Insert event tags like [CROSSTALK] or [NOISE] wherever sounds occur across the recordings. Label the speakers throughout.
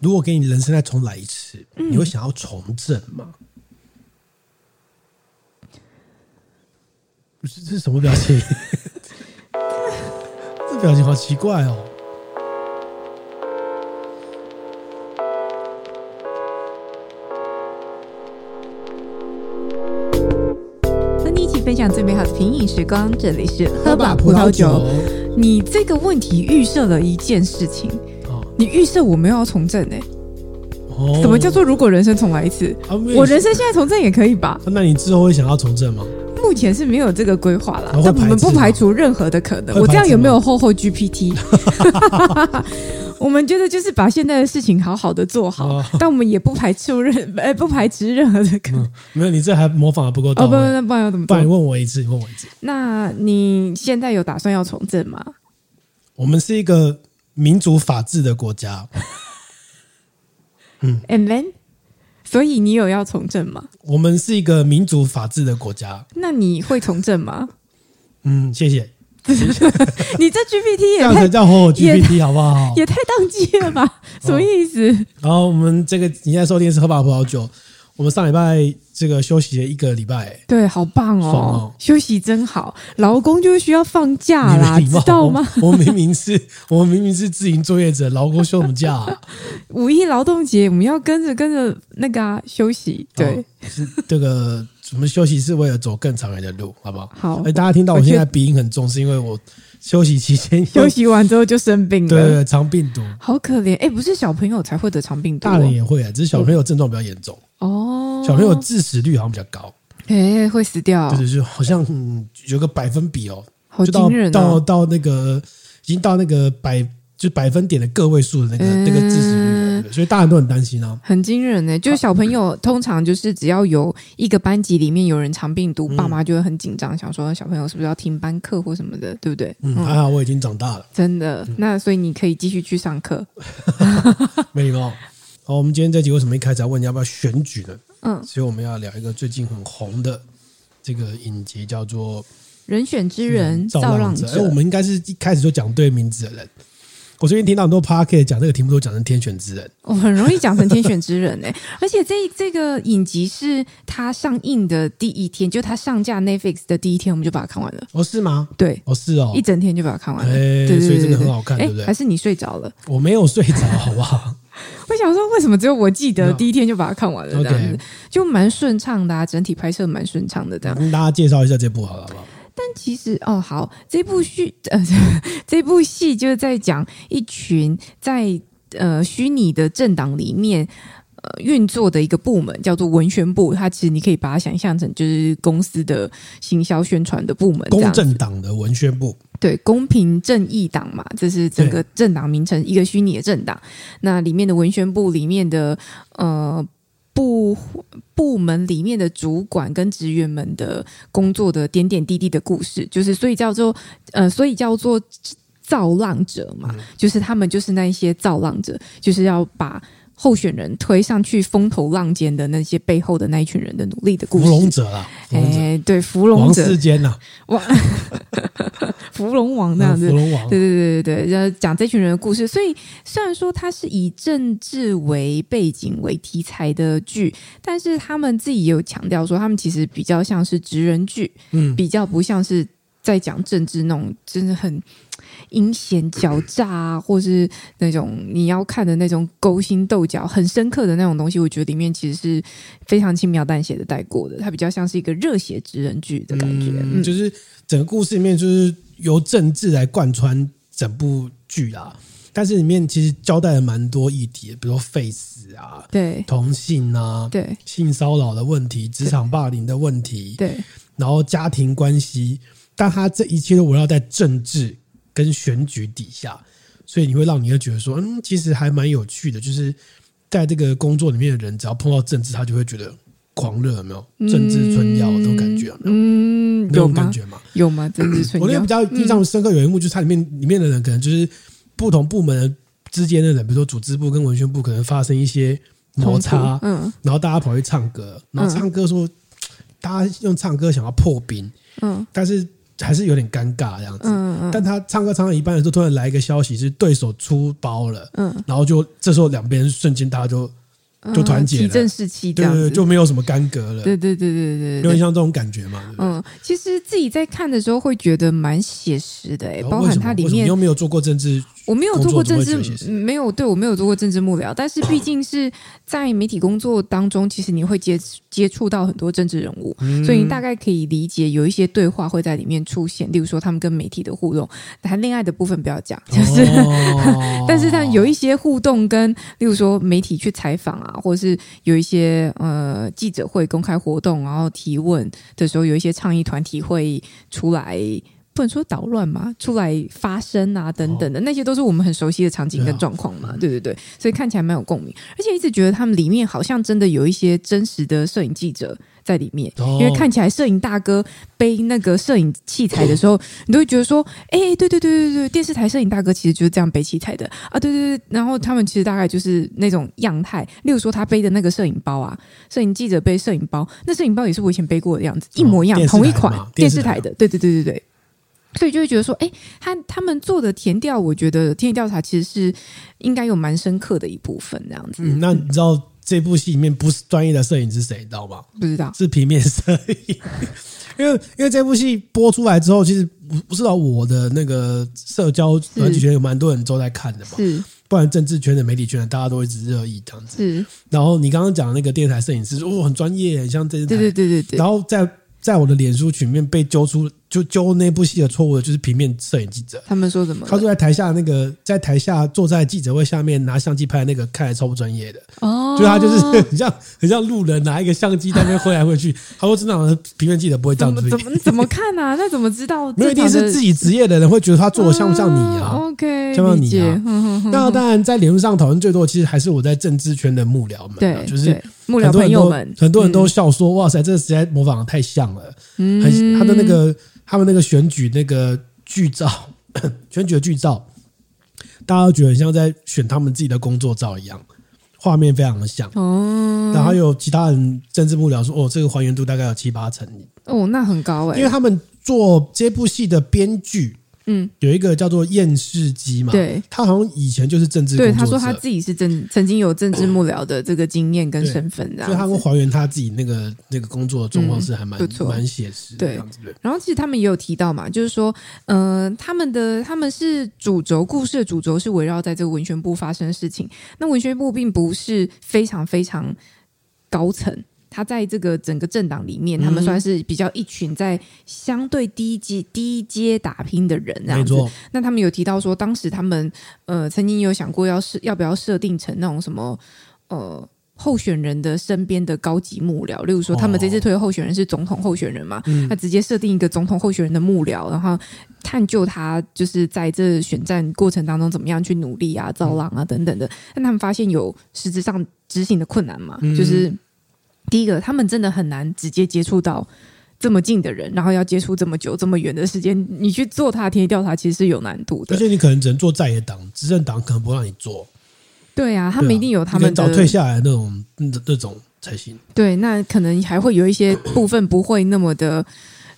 Speaker 1: 如果給你人生再重來一次，你會想要重振嗎？嗯、不是，這是什麼表情？ [LAUGHS] [LAUGHS] 這表情好奇怪哦。
Speaker 2: 和你一起分享最美好的品飲時光，這裡是喝吧！葡萄酒。萄酒，你這個問題預設了一件事情。嗯你預設我沒有要從政呢？Oh, 什麼叫做如果人生重來一次？I mean, 我人生現在從
Speaker 1: 政也可以吧？那你之後會想要從政嗎？
Speaker 2: 目前是沒有這個規劃了，但我們不排除任何的可能。我這樣有沒有厚厚 GPT？ [LAUGHS] [LAUGHS] [LAUGHS] [LAUGHS] [LAUGHS] [LAUGHS] 我們覺得就是把現在的事情好好的做好，oh. 但我們也不排除任呃、欸、不排斥任何的可
Speaker 1: 能。 [LAUGHS] [LAUGHS] 嗯、沒有，你這還模仿的不夠多。哦。不不不，不，不然要怎麼辦？你問我一次，你問我一次。
Speaker 2: 那你現在有打算要從政嗎？
Speaker 1: 我們是一個。民主法治的國家，嗯
Speaker 2: ，And then，所以你有要從政嗎？
Speaker 1: 我們是一個民主法治的國家，
Speaker 2: 那你會從政嗎？
Speaker 1: 嗯，謝謝，謝。
Speaker 2: [LAUGHS] 你這 GPT 也太，這叫也，太也太，也太當機了吧？ [LAUGHS] 什麼意思？
Speaker 1: 然後我們這個你現在收聽的是喝吧！葡萄酒，我們上禮拜。這個休息了一個禮拜，
Speaker 2: 對，好棒哦，休息真好。勞工就需要放假啦，你知道嗎？我，我明明
Speaker 1: 是，我明明是自營作業者，勞工休什麼假？
Speaker 2: 啊？ [LAUGHS] 五一勞動節我們要跟着跟着那個、啊、休息，對，
Speaker 1: 這個我們休息是為了走更長遠的路，好不好？好，大家聽到我現在鼻音很重，是因為我。休息期間，休息完之
Speaker 2: 後就生病了對對對。對腸病毒，好可憐。哎、欸，不是小朋友才會得腸病毒，大人也會啊。只是小
Speaker 1: 朋友症狀比較嚴重。哦，
Speaker 2: 小朋友致
Speaker 1: 死率好像比較高。
Speaker 2: 哎、欸，會死掉。對對，
Speaker 1: 就好像、嗯、有個百分比哦，好驚人、
Speaker 2: 啊到。到
Speaker 1: 到那個，已經到那個百，就百分點的個位數的那個、欸、那個致死率。所以大家都很擔心啊，
Speaker 2: 很驚人呢、欸。就是小朋友通常就是只要有一個班級裡面有人腸病毒，嗯、爸媽就會很緊張，想說小朋友是不是要停班課或什麼的，對不對？嗯，還好我
Speaker 1: 已經長大了，
Speaker 2: 真的。嗯、那所以你可以繼續去上課、嗯。
Speaker 1: 沒禮貌。好，我們今天這集為什麼一開始要問你要不要選舉呢？嗯，所以我們要聊一個最近很紅的這個影集，叫做
Speaker 2: 《人選之人造浪、嗯、者》者。欸、所以我們應
Speaker 1: 該是一開始就講對名字的人。我最近聽到很多 Podcast 講這個題目都講成天選之人，
Speaker 2: 我、oh, 很容易講成天選之人哎、欸， [LAUGHS] 而且這這個影集是他上映的第一天，就他上架 Netflix 的第一天，我們就把它看完了。哦，是嗎？對，哦，是哦，一整天就把它看完了，欸、對對，對，對，所以真的很好看，對不對？欸、還是你睡着了？
Speaker 1: 我沒有睡着，好不
Speaker 2: 好？ [LAUGHS] 我想說，為什麼只有我記得第一天就把它看完了？對、 [LAUGHS] okay. 就蠻順暢的、啊，整體拍攝蠻順暢的，這樣跟
Speaker 1: 大家介紹一下這部，好了，好不好？
Speaker 2: 但其實哦，好，這部虛呃這部戲就是在講一群在呃虛擬的政黨裡面呃運作的一個部門，叫做文宣部。它其實你可以把它想象成就是公司的行銷宣傳的部門。公正
Speaker 1: 黨的文宣部，
Speaker 2: 對，公平正義黨嘛，這是整個政黨名稱，一個虛擬的政黨。那裡面的文宣部裡面的呃。部部門裡面的主管跟職員們的工作的點點滴滴的故事，就是所以叫做呃，所以叫做造浪者嘛、嗯，就是他們就是那一些造浪者，就是要把。候選人推上去風頭浪尖的那些背後的那一群人的努力的故事，芙蓉
Speaker 1: 者啦，哎、欸，
Speaker 2: 對，芙蓉王之間吶，王、啊，芙蓉 [LAUGHS] 王那樣子，芙蓉王，對對對對對，講這群人的故事。所以雖然說他是以政治為背景為題材的劇，但是他們自己也有強調說，他們其實比較像是職人劇，嗯，比較不像是在講政治那種真的很。陰險狡詐啊，或是那種你要看的那種勾心鬥角、很深刻的那種東西，我覺得裡面其實是非常輕描淡寫的帶過的。它比較像是一個熱血職人劇的
Speaker 1: 感覺。嗯，就是整個故事裡面就是由政治來貫穿整部劇啊。但是裡面其實交代了蠻多議題，比如說廢死啊，對同性啊，對性騷擾的問題，職場霸凌的問題，對，對，然後家庭關係，但它這一切都圍繞在政治，跟選舉底下，所以你會讓你會覺得說，嗯，其實還蠻有趣的。就是在這個工作裡面的人，只要碰到政治，他就會覺得狂熱，有沒有？政治春藥，嗯，這種感覺，有沒有？嗯，有那種感覺嗎？有嗎？政治春藥。 [COUGHS] 我覺得比較印象深刻有一幕，就是它裡面，嗯，裡面的人，可能就是不同部門的之間的人，比如說組織部跟文宣部，可能發生一些
Speaker 2: 摩擦，嗯，
Speaker 1: 然後大家跑去唱歌，然後唱歌說，嗯，大家用唱歌想要破冰，嗯，但是。還是有點尷尬這樣
Speaker 2: 子，嗯嗯、但他
Speaker 1: 唱歌唱到一半的時候，突然來一個消息，是對手出包了，嗯，然後就這時候兩邊瞬間大家就、嗯、
Speaker 2: 就團結提振士氣，對,對,對,對,對,對就沒有
Speaker 1: 什麼干戈了，對
Speaker 2: 對對對對,對，有點像這種感覺嘛對對。嗯，其實自己在看的時候會覺得蠻寫實的、欸哦、包含它裡面你又沒有
Speaker 1: 做過政治，我沒有做過政治，
Speaker 2: 沒有對我沒有做過政治幕僚，但是畢竟是在媒體工作當中， [COUGHS] 其實你會接觸。接觸到很多政治人物、嗯，所以你大概可以理解有一些對話會在裡面出現，例如說他們跟媒體的互動，談戀愛的部分不要講，就是，哦、 [LAUGHS] 但是但有一些互動跟例如說媒體去採訪啊，或者是有一些呃記者會公開活動，然後提問的時候，有一些倡議團體會出來。亂說搗亂嘛，出來發聲啊，等等的、哦、那些都是我們很熟悉的場景跟狀況嘛，對、啊、對對，所以看起來蠻有共鳴、嗯。而且一直覺得他們裡面好像真的有一些真實的攝影記者在裡面，哦、因為看起來攝影大哥背那個攝影器材的時候，哦、你都會覺得說，哎、欸，對對對對對，電視台攝影大哥其實就是這樣背器材的啊，對對對。然後他們其實大概就是那種樣態，例如說他背的那個攝影包啊，攝影記者背攝影包，那攝影包也是我以前背過的樣子，哦、一模一樣，哦、同一款電視台、啊、電視台的，對對對對對。所以就會覺得說，哎、欸，他他們做的田調，我覺得田野調查其實是應該有蠻深刻的一部分，這樣子、嗯。
Speaker 1: 那你知道這部戲裡面不是專業的攝影師是誰，你知道嗎？不知道，是平面攝影。 [LAUGHS] 因為因為這部戲播出來之後，其實不不知道我的那個社交媒體圈有蠻多人都在看的嘛，嗯。不然政治圈的媒體圈的大家都會一直熱議這樣子。嗯。然後你剛剛講的那個電台攝影師，如、哦、很專業，很像這，對對對對對。然後在在我的臉書群裡面被揪出。就揪那部戲的錯誤的就是平面攝影記者，他們說什麼？他說在台下那個，在台下坐在記者會下面拿相機拍的那個，看來超不專業的
Speaker 2: 哦。就他就是很
Speaker 1: 像很像路人拿一個相機在那邊揮來揮去、啊。他說真正的平面記者不會這樣子。怎麼怎
Speaker 2: 麼，你怎麼看呢、啊？那怎麼知道？沒有一定是自己
Speaker 1: 職業的人會覺得他做的像不像你
Speaker 2: 啊、嗯、？OK，像不像你啊呵呵呵那當然
Speaker 1: 在，在臉書上討論最多，其實還是我在政治圈的幕僚們、啊，對，就是。幕僚朋友們很多人，很多人都笑說：“嗯、哇塞，這個、實在模仿的太像了。
Speaker 2: 很”嗯，他的那個，
Speaker 1: 他們那個選舉那個劇照，嗯、 [LAUGHS] 選舉的劇照，大家都覺得很像在選他們自己的工作照一樣，畫面非常的像哦。然後有其他人政治幕僚說：“哦，這個還原度大概有七八成。”哦，那很高哎、欸，因為他們做這部戲的編劇。嗯，有一個叫做厭世姬嘛，對，他好像以前就是政治，對，他說他自
Speaker 2: 己是政，曾經有政治幕僚的這個經驗跟身份這樣，所以他
Speaker 1: 會還原他自己那個那個工作狀況是還蠻、嗯、不錯，蠻寫實的
Speaker 2: 對，對。然後其實他們也有提到嘛，就是說，嗯、呃，他們的他們是主軸故事的主軸是圍繞在這個文宣部發生的事情，那文宣部並不是非常非常高層。他在這個整個政黨裡面，他們算是比較一群在相對低階、低階打拼的人，啊，這樣，那他們有提到說，當時他們呃曾經有想過要是要不要設定成那種什麼呃候選人的身邊的高級幕僚，例如說他們這次推候選人是總統候選人嘛，哦嗯，他直接設定一個總統候選人的幕僚，然後探究他就是在這選戰過程當中怎麼樣去努力啊、造浪啊、嗯、等等的。但他們發現有實質上執行的困難嘛，嗯、就是。第一個，他們真的很難直接接觸到這麼近的人，然後要接觸這麼久、這麼遠的時間，你去做他的田野調查，其實是有難度的。而且你
Speaker 1: 可能只能做在野黨、執政黨，可能不讓你做。
Speaker 2: 對啊，他們一定有他們早退下
Speaker 1: 來的那種那，那種才行。
Speaker 2: 對，那可能還會有一些部分不會那麼的，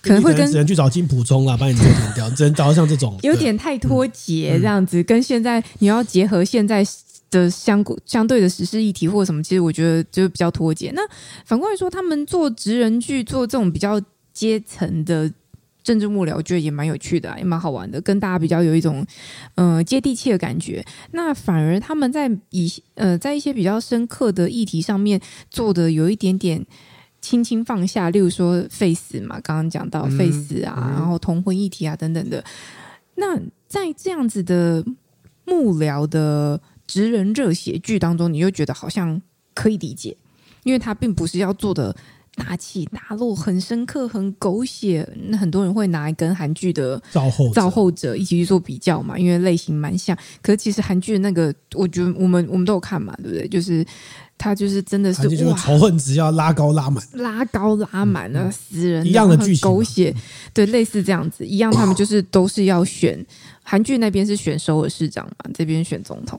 Speaker 2: 可能會跟可能只
Speaker 1: 能去找金普充啊，幫你做田野調查， [LAUGHS] 只能找到像這種
Speaker 2: 有點太脫節這樣子，嗯嗯、跟現在你要結合現在的相相對的時事議題或者什麼，其實我覺得就是比較脫節。那反過來說，他們做職人劇，做這種比較階層的政治幕僚，我覺得也蠻有趣的、啊，也蠻好玩的，跟大家比較有一種嗯、呃、接地氣的感覺。那反而他們在以呃在一些比較深刻的議題上面做的有一點點輕輕放下，例如說廢死嘛，剛剛講到廢死啊，嗯嗯、然後同婚議題啊等等的。那在這樣子的幕僚的。職人熱血劇當中，你又覺得好像可以理解，因為他並不是要做的大起大落，很深刻，很狗血。那很多人會拿來跟韓劇的造後造後者一起去做比較嘛，因為類型蠻像。可是其實韓劇那個，我覺得我們我們都有看嘛，對不對？就是他就是真的是，就是，哇，仇
Speaker 1: 恨值要拉高拉滿，
Speaker 2: 拉高拉滿啊、嗯，死人一樣的劇情狗血，對，類似這樣子一樣。他們就是都是要選韓劇 [COUGHS] 那邊是選首爾市長嘛，這邊選總統。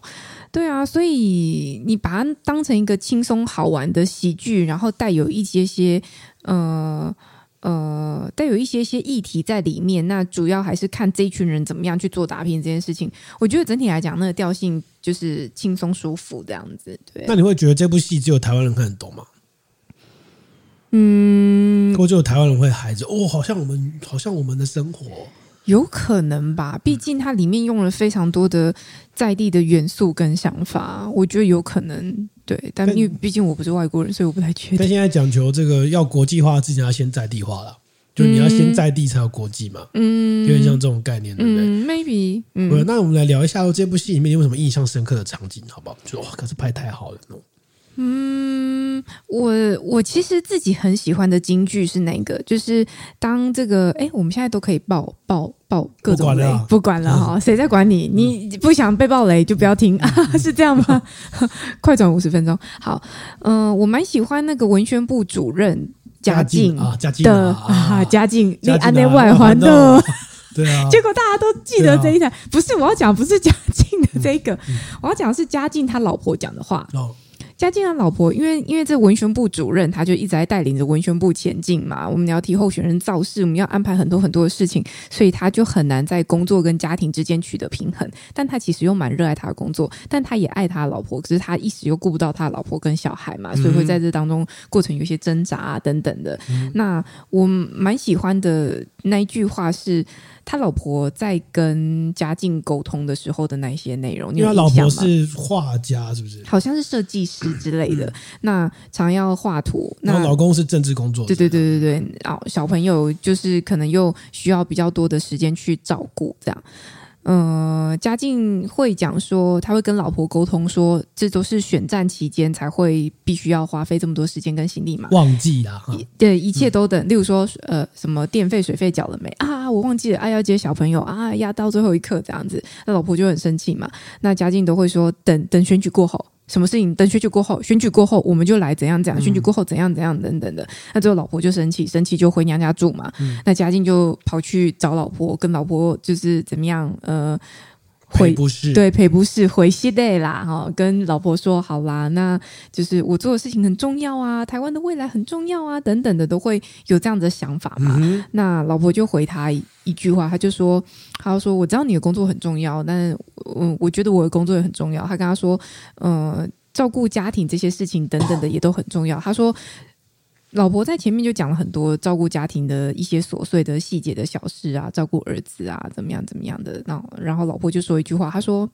Speaker 2: 對啊，所以你把它當成一個輕鬆好玩的喜劇，然後帶有一些些呃呃，帶有一些些議題在裡面。那主要還是看這一群人怎麼樣去做打拼這件事情。我覺得整體來講，那個調性就是輕鬆舒服這樣子。對。
Speaker 1: 那你會覺得這部戲只有台灣人看得懂嗎？嗯，我覺得台灣人會孩子哦，好像我們好像我們的生活。
Speaker 2: 有可能吧，畢竟它裡面用了非常多的在地的元素跟想法，嗯、我覺得有可能對。但因為畢竟我不是外國人，所以我不太確定。但現在講求這個要國
Speaker 1: 際化之前要先在地化啦。
Speaker 2: 就你要先在
Speaker 1: 地才有國際嘛。嗯，有點像這種概念，
Speaker 2: 對不對？嗯、嗯、maybe、嗯。
Speaker 1: 那我們來聊一下這部戲裡面有什麼印象深刻的場景，好不好？就哇，可是拍太好了！
Speaker 2: 嗯，我我其實自己很喜歡的京劇是哪個？就是當這個哎、欸，我們現在都可以爆爆爆各種雷，不管了哈、啊，誰、啊、在管你？嗯、你不想被爆雷就不要聽、嗯、啊，是這樣嗎？嗯、快轉五十分鐘。好，嗯、呃，我蠻喜歡那個文宣部主任家競啊,啊，家競、啊啊，啊，啊啊你按呢啉我會煩惱的、啊哦對啊對啊，對啊。結果大家都記得這一台，不是我要講，不是家競的這個、嗯嗯，我要講的是家競他老婆講的話。嗯家競的老婆，因為因為這文宣部主任，他就一直在帶領着文宣部前進嘛。我們要提候選人造勢，我們要安排很多很多的事情，所以他就很難在工作跟家庭之間取得平衡。但他其實又蠻熱愛他的工作，但他也愛他老婆，可是他一時又顧不到他老婆跟小孩嘛，所以會在這當中過程有些掙扎、啊、等等的。那我蠻喜歡的那一句話是他老婆在跟家競溝通的時候的那些內容，你有印象嗎？因為老婆是
Speaker 1: 畫家，是不
Speaker 2: 是？好像是設計師。之類的，那常要畫圖。那老公
Speaker 1: 是政治工作，對對
Speaker 2: 對對對。哦，小朋友就是可能又需要比較多的時間去照顧，這樣。呃，家競會講說，他會跟老婆溝通說，這都是選戰期間才會必須要花費這麼多時間跟心力嘛，忘記啊、嗯，對，一切都等。例如說，呃，什麼電費水費繳了沒啊？我忘記了啊，要接小朋友啊，壓到最後一刻這樣子，那老婆就很生氣嘛。那家競都會說，等等選舉過後。什麼事情？等選舉過後，選舉過後我們就來怎樣怎樣？選舉過後怎樣怎樣等等的。嗯、那之後老婆就生氣，生氣就回娘家住嘛。嗯、那家競就跑去找老婆，跟老婆就是怎麼樣？呃。
Speaker 1: 回陪不是對，賠
Speaker 2: 不是，回失禮啦哈，跟老婆說好啦，那就是我做的事情很重要啊，台灣的未來很重要啊，等等的都會有這樣的想法嘛。嗯、那老婆就回他一,一句話，他就說，他就說，我知道你的工作很重要，但嗯，我覺得我的工作也很重要。他跟他說，嗯、呃，照顧家庭這些事情等等的也都很重要。哦、他說。老婆在前面就講了很多照顧家庭的一些瑣碎的細節的小事啊，照顧兒子啊，怎麼樣怎麼樣的。然後，然後老婆就說一句話，她說：“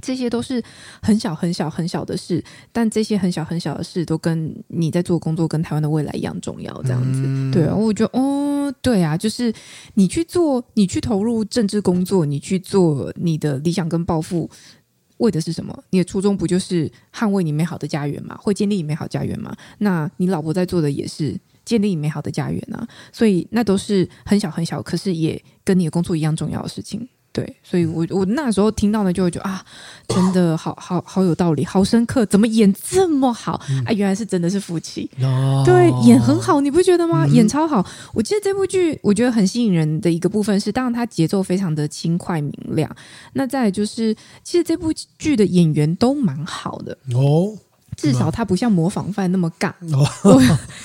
Speaker 2: 這些都是很小很小很小的事，但這些很小很小的事都跟你在做工作，跟台灣的未來一樣重要。”這樣子，嗯、對啊，我覺得，哦，對啊，就是你去做，你去投入政治工作，你去做你的理想跟抱負。為的是什麼？你的初衷不就是捍衛你美好的家園嘛？會建立你美好的家園嘛？那你老婆在做的也是建立你美好的家園啊。所以那都是很小很小，可是也跟你的工作一樣重要的事情。對，所以我我那時候聽到呢，就會覺得啊，真的好好好有道理，好深刻，怎麼演這麼好啊？原來是真的是，是夫妻。對，演很好，你不覺得嗎？嗯、演超好。我記得這部劇，我覺得很吸引人的一個部分是，當然它節奏非常的輕快明亮。那再就是，其實這部劇的演員都蠻好的哦。至少他不像模仿犯那麼尬，嗯。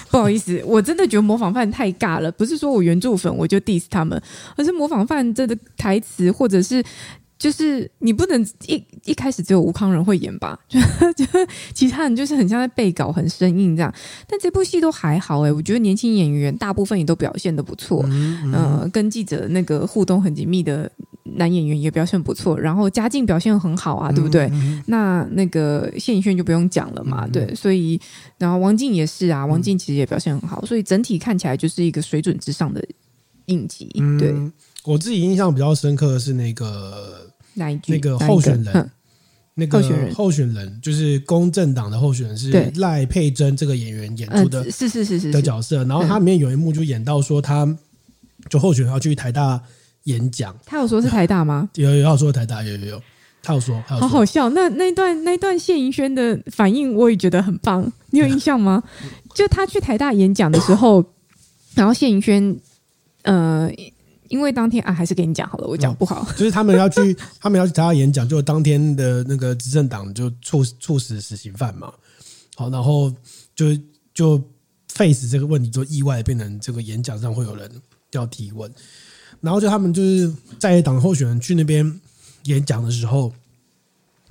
Speaker 2: 不好意思，我真的覺得模仿犯太尬了。不是說我原著粉我就 diss 他們，而是模仿犯這個台詞或者是就是你不能一一開始只有吳慷仁會演吧？就就其他人就是很像在背稿，很生硬這樣。但這部戲都還好哎，欸，我覺得年輕演員大部分也都表現得不錯。嗯，嗯，呃，跟記者那個互動很緊密的。男演員也表現不錯，然後家競表現很好啊，嗯、對不對？嗯、那那個謝盈萱就不用講了嘛、嗯，對。所以，然後王淨也是啊，王淨其實也表現很好、嗯，所以整體看起來就是一個水準之上的影集、嗯、對，
Speaker 1: 我自己印象比較深刻的是那個哪一句那個候選人，那個、那個、候,選候選人，候選人,候選人就是公正黨的候選人是賴佩霞這個演員演出的，嗯、是是是是的角色。然後他裡面有一幕就演到說，他就候選人要去台大。演講，
Speaker 2: 他有說是台大嗎？
Speaker 1: 有有有，他說台大，有有有，他有，他有說，好好
Speaker 2: 笑。那那一段，那一段謝盈萱的反應，我也覺得很棒。你有印象嗎？ [LAUGHS] 就他去台大演講的時候，然後謝盈萱，呃，因為當天啊，還是給你講好了，我講不好、哦。
Speaker 1: 就是他們要去， [LAUGHS] 他們要去台大演講，就當天的那個執政黨就促促使死刑犯嘛。好，然後就就 face 這個問題，就意外變成這個演講上會有人要提問。然後就他們就是在野黨候選人去那邊演講的時候，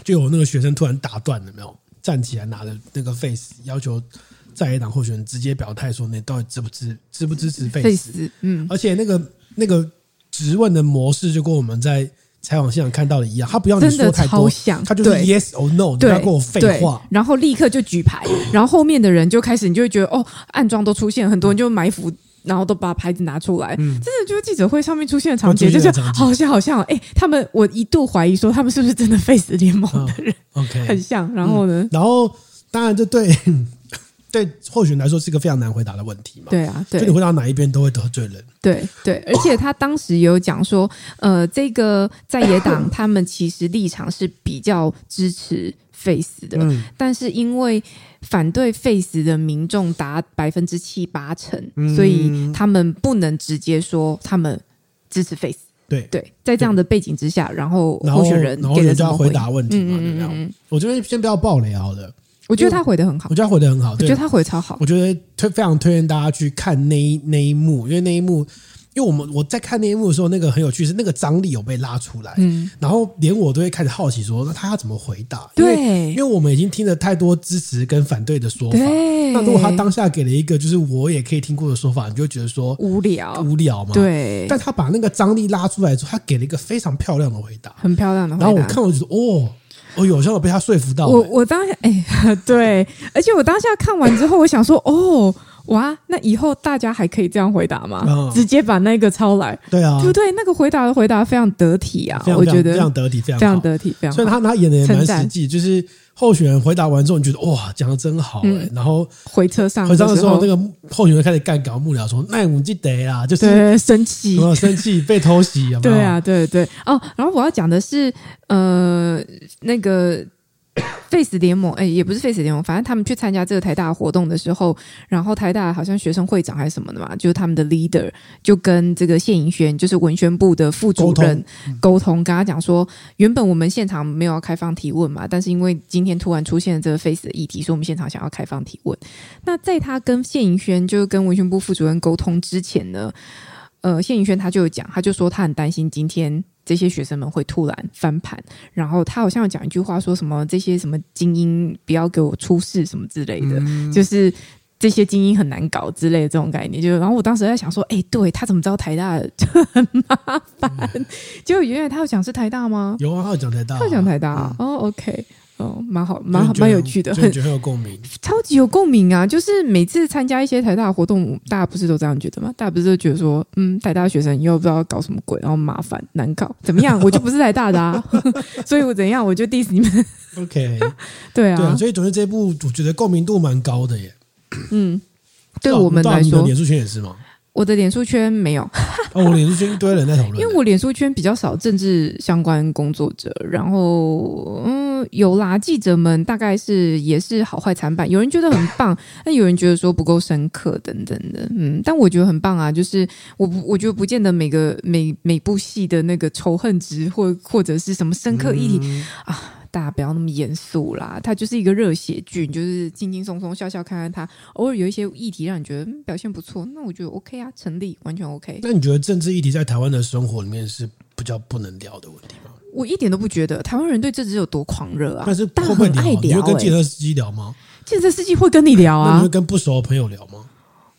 Speaker 1: 就有那個學生突然打斷了，沒有站起來拿着那個 Face 要求在野黨候選人直接表態說，你到底支不支支不支持 Face？嗯，而且那個、嗯、那個質問的模式就跟我們在採訪現場看到的一樣，他不要你說太多，他就是 Yes or No，對，你不要跟我廢話，
Speaker 2: 然後立刻就舉牌，然後後面的人就開始你就會覺得哦，暗樁都出現，很多人就埋伏。嗯然後都把牌子拿出來、嗯，真的就是記者會上面出現的場景，就是好像好像，哎、欸，他們我一度懷疑說他們是不是真的廢死聯盟的人、哦、OK，很像。然後呢？嗯、然後當然這對
Speaker 1: [LAUGHS] 對候選人來說是一個非常難回答的問題嘛。
Speaker 2: 對啊，對就你回答
Speaker 1: 哪一邊都會得罪人。
Speaker 2: 對對，而且他當時有講說，呃，這個在野黨他們其實立場是比較支持。face 的、嗯，但是因為反對 face 的民眾達百分之七八成，嗯，所以他們不能直接說他們支持 face 對。對對，在這樣的背景之下，然後，然後候選人給然，後然後人家回答問題嘛，嗯，這樣。我覺得先不要爆雷好
Speaker 1: 了。我覺得他
Speaker 2: 回得很好，我覺得他回得很好，對我覺得他回得超好。
Speaker 1: 我覺得推非常推薦大家去看那一那一幕，因為那一幕。因為我們我在看那一幕的時候，那個很有趣，是那個張力有被拉出來，嗯，然後連我都會開始好奇說，那他要怎麼回答？對，因為我們已經聽了太多支持跟反對的說法，對。那如果他當下給了一個就是我也可以聽過的說法，你就會覺得說無聊無聊嘛，對。但他把那個張力拉出來之後，他給了一個非常漂亮的回
Speaker 2: 答，很漂亮的回答。然後我看我就說：‘
Speaker 1: 哦、嗯，哦，有時候被他說服到我。我
Speaker 2: 我當下哎呵呵，對，而且我當下看完之後，我想說哦。哇，那以後大家還可以這樣回答嗎？哦？直接把那個抄來，對啊，對不對？那個回答的回答非常得體啊，非常非常我覺得非常得體，非常得體。非常，非常，得體非常。所以他他演的也蠻實際，
Speaker 1: 就是候選人回答完之後，你覺得哇，講的真好哎，欸嗯，然後
Speaker 2: 回車上的時候，回車上的時候的時候，
Speaker 1: 那個候選人開始幹搞幕僚說，說你吾記得啦，就是生氣，有有生氣被偷襲啊。 [LAUGHS] 對啊，
Speaker 2: 對對。哦，然後我要講的是呃，那個。 [LAUGHS] 廢死聯盟，哎、欸，也不是廢死聯盟，反正他們去參加這個台大活動的時候，然後台大好像學生會長還是什麼的嘛，就是他們的 leader 就跟這個謝盈萱，就是文宣部的副主任溝通，通，跟他講說，原本我們現場沒有要開放提問嘛，但是因為今天突然出現了這個廢死的議題，所以我們現場想要開放提問。那在他跟謝盈萱，就是跟文宣部副主任溝通之前呢，呃，謝盈萱他就有講，他就說他很擔心今天。這些學生們會突然翻盤，然後他好像有講一句話，說什麼這些什麼精英不要給我出事什麼之類的、嗯，就是這些精英很難搞之類的這種概念。就然後我當時在想說，哎、欸，對他怎麼知道台大就 [LAUGHS] 很麻煩？結果、嗯、原來他有講是台大嗎？
Speaker 1: 有啊，他有講台大、啊，他有講
Speaker 2: 台大哦，OK。哦，蠻好，蠻好，蠻有趣的，很，很有共鳴，超級有共鳴啊！就是每次參加一些台大活動，大家不是都這樣覺得嗎？大家不是都覺得說，嗯，台大的學生又不知道搞什麼鬼，然後麻煩難搞，怎麼樣？我就不是台大的啊， [LAUGHS] [LAUGHS] 所以我怎樣我就 diss 你們。OK， [LAUGHS] 對啊，對啊，
Speaker 1: 所以總之這一部我覺得共鳴度蠻高的耶。嗯，
Speaker 2: 對我們來說，哦、我的臉書圈也是嗎？我的臉書圈沒有， [LAUGHS] 哦、我臉
Speaker 1: 書圈一堆人在討
Speaker 2: 論， [LAUGHS] 因為我臉書圈比較少政治相關工作者， [LAUGHS] 然後嗯。有啦，記者們大概是也是好壞參半，有人覺得很棒，那 [LAUGHS] 有人覺得說不夠深刻等等的，嗯，但我覺得很棒啊，就是我我覺得不見得每個每每部戲的那個仇恨值或或者是什麼深刻議題，嗯、啊，大家不要那麼嚴肅啦，它就是一個熱血劇，就是輕輕鬆鬆笑笑看看它，偶爾有一些議題讓你覺得表現不錯，那我覺得 OK 啊，成立完全 OK。那
Speaker 1: 你覺得政治議題在台灣的生活裡面是比較不能聊的問
Speaker 2: 題嗎？我一點都不覺得台灣人對這支有多狂熱啊！但是會會聊，欸，你會跟計程車司機聊嗎？計程車司機會跟你聊啊？你會
Speaker 1: 跟不熟的朋友聊嗎？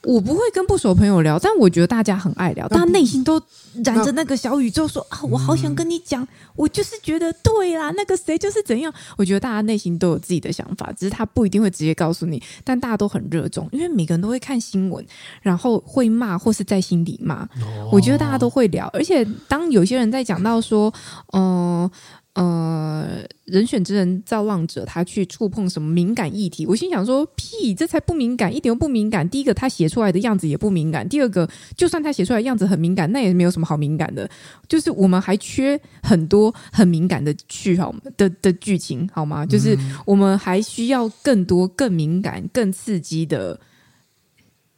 Speaker 2: 我不會跟不熟朋友聊，但我覺得大家很愛聊，大家內心都染着那個小宇宙說，說啊，我好想跟你講，我就是覺得對啦、嗯，那個誰就是怎樣。我覺得大家內心都有自己的想法，只是他不一定會直接告訴你，但大家都很熱衷，因為每個人都會看新聞，然後會罵或是在心底罵。我覺得大家都會聊，而且當有些人在講到說，嗯、呃。呃，人選之人造浪者，他去觸碰什麼敏感議題？我心想說，屁，這才不敏感，一點都不敏感。第一個，他寫出來的樣子也不敏感；第二個，就算他寫出來的樣子很敏感，那也沒有什麼好敏感的。就是我們還缺很多很敏感的劇好，的的劇情好嗎？嗯，就是我們還需要更多更敏感、更刺激的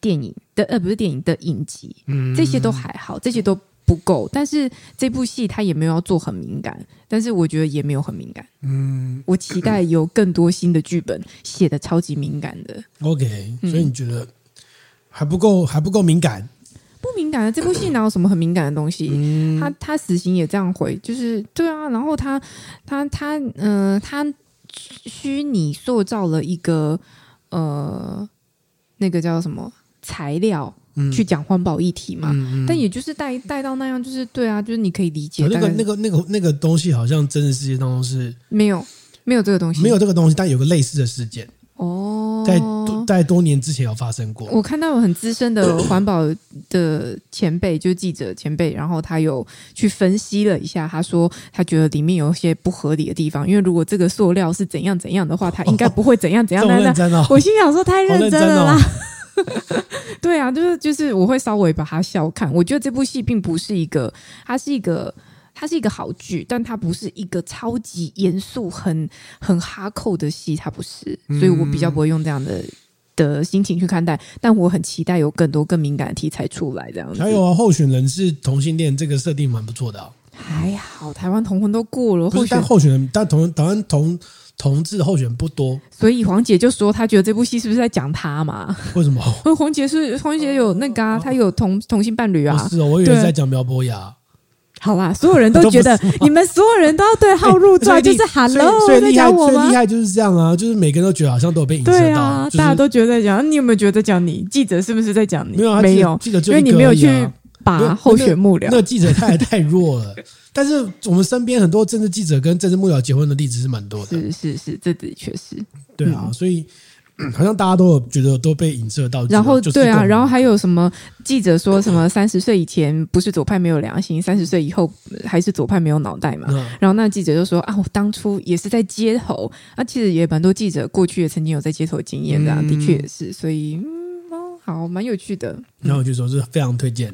Speaker 2: 電影的呃，不是電影的影集，嗯，這些都還好，這些都。不夠，但是這部戲他也沒有要做很敏感，但是我覺得也沒有很敏感。嗯，我期待有更多新的劇本 [COUGHS] 寫的超級敏感的。
Speaker 1: OK，嗯，所以你覺得還不夠，還不夠敏感？
Speaker 2: 不敏感啊！這部戲哪有什麼很敏感的東西？他，嗯，他死刑也這樣回，就是對啊。然後他他他嗯，他，呃，虛擬塑造了一個呃，那個叫什麼材料，去講環保議題嘛、嗯嗯，但也就是帶帶到那樣，就是對啊，就是你可以理解。那、哦、個、那個、
Speaker 1: 那個、那個東西，好像真實世界當中是
Speaker 2: 沒有沒有這個東西，沒有這
Speaker 1: 個東西。但有個類似的事件
Speaker 2: 哦，在
Speaker 1: 在多，多年之前有發生過。
Speaker 2: 我看到我很資深的環保的前輩、呃，就是、記者前輩，然後他有去分析了一下，他說他覺得裡面有一些不合理的地方，因為如果這個塑料是怎樣怎樣的話，他應該不會怎樣怎樣的。哦我，哦、我心想說太認真了啦。 [LAUGHS] [LAUGHS] 對啊，就是就是，我會稍微把它笑看。我覺得這部戲並不是一個，它是一個，它是一個好劇，但它不是一個超級嚴肅、很很哈扣的戲，它不是。所以我比較不會用這樣的的心情去看待。但我很期待有更多更敏感的題材出來，這樣子。還有
Speaker 1: 啊，候選人是同性戀，這個設定蠻不錯的啊。
Speaker 2: 還、哎、好台灣同婚都過了，但候選
Speaker 1: 人但同但同。同同同志候選人不多，
Speaker 2: 所以黃姐就說：“她覺得這部戲是不是在講她嘛？為什麼？因為黃姐是黃姐有那個、啊，她有同同性伴侶啊。”不是、哦，我以為是在
Speaker 1: 講苗博雅。
Speaker 2: 好啦，所有人都覺得都你們所有人都要對號入座，就是喊了、欸。Hello 最厲害，害就是這樣啊！就是每個人都覺得好像都有被影響到、啊對啊就是，大家都覺得在講你有沒有覺得講你記者是不是在講你沒有、啊、沒有？沒有記者就一個而把候選幕僚那那，那記者太太弱
Speaker 1: 了。 [LAUGHS] 但是我們身邊很多政治記者跟政治幕僚結婚的例子是蠻多的是，是是是，這的確是。對啊，嗯、所以好像大家都有覺得都被影射到。然後對啊，然
Speaker 2: 後還有什麼記者說什麼三十歲以前不是左派沒有良心，三十歲以後還是左派沒有腦袋嘛、嗯？然後那記者就說啊，我當初也是在街頭。那、啊、其實也蠻多記者過去也曾經有在街頭經驗的、嗯，的確也是。所以嗯、哦，好，蠻有趣的。嗯、
Speaker 1: 然後我就說是非常推薦。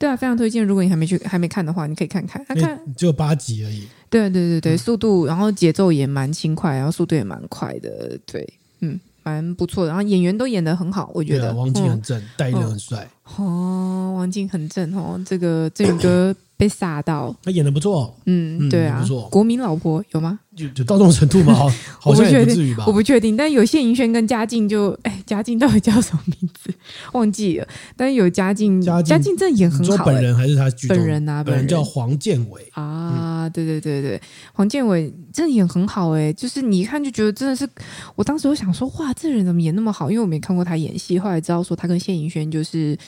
Speaker 2: 對啊，非常推薦。如果你還沒去、還沒看的話，你可以看看。他看
Speaker 1: 只有八集而已。
Speaker 2: 對對對對，嗯，速度，然後節奏也蠻輕快，然後速度也蠻快的。對，嗯，蠻不錯的。然後演員都演得很好，我覺得。對啊，王淨很
Speaker 1: 正，戴，哦、立忍很帥。
Speaker 2: 哦，哦王淨很正哦，這個這個哥。 [COUGHS] 被殺到，他演得不錯，嗯，對啊，嗯、國民老婆有嗎？就
Speaker 1: 就到這種程度嗎？好, [LAUGHS] 不,好不至於我不
Speaker 2: 確定。但有謝盈萱跟家競就，哎、欸，家競到底叫什麼名字？忘記了。但是有家競，家競正演很好、欸，本人還是他本人啊？本人,本人叫黃健瑋啊、嗯，對對對對，黃健瑋正演很好、欸，哎，就是你一看就覺得真的是。我當時我想說，哇，這人怎麼演那麼好？因為我沒看過他演戲，後來知道說他跟謝盈萱就是。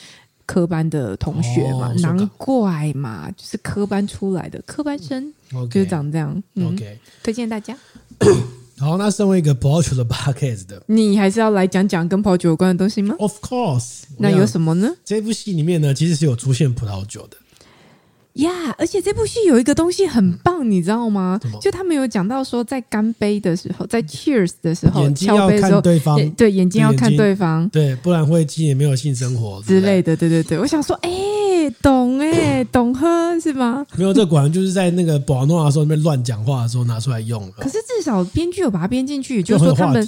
Speaker 2: 科班的同學嘛，oh, so，難怪嘛，就是科班出來的科班生，okay. 就是長這樣。嗯，OK，推薦大家 [COUGHS] 。
Speaker 1: 好，那身為一個葡萄酒的 b u case 的，
Speaker 2: 你還是要來講講跟葡萄酒有關的東西嗎？Of course，yeah, 那有什麼呢？這
Speaker 1: 部戲裡面呢，其實是有出現葡萄酒的。
Speaker 2: 呀、yeah，而且這部戲有一個東西很棒，你知道嗎？就他們有講到說，在乾杯的時候，在 cheers 的、嗯、的時候，敲杯的時候，眼睛要看對、欸、對眼睛要看對方，
Speaker 1: 對，不然會今年沒有性生活之類，之類的。對對對，我想
Speaker 2: 說，哎、欸。懂哎、欸嗯，懂喝是嗎？
Speaker 1: 沒有，這果然就是在那個寶納說話時候那邊亂講話的時候拿出來用
Speaker 2: 了。 [LAUGHS] 可是至少編劇有把它編進去，就是說他們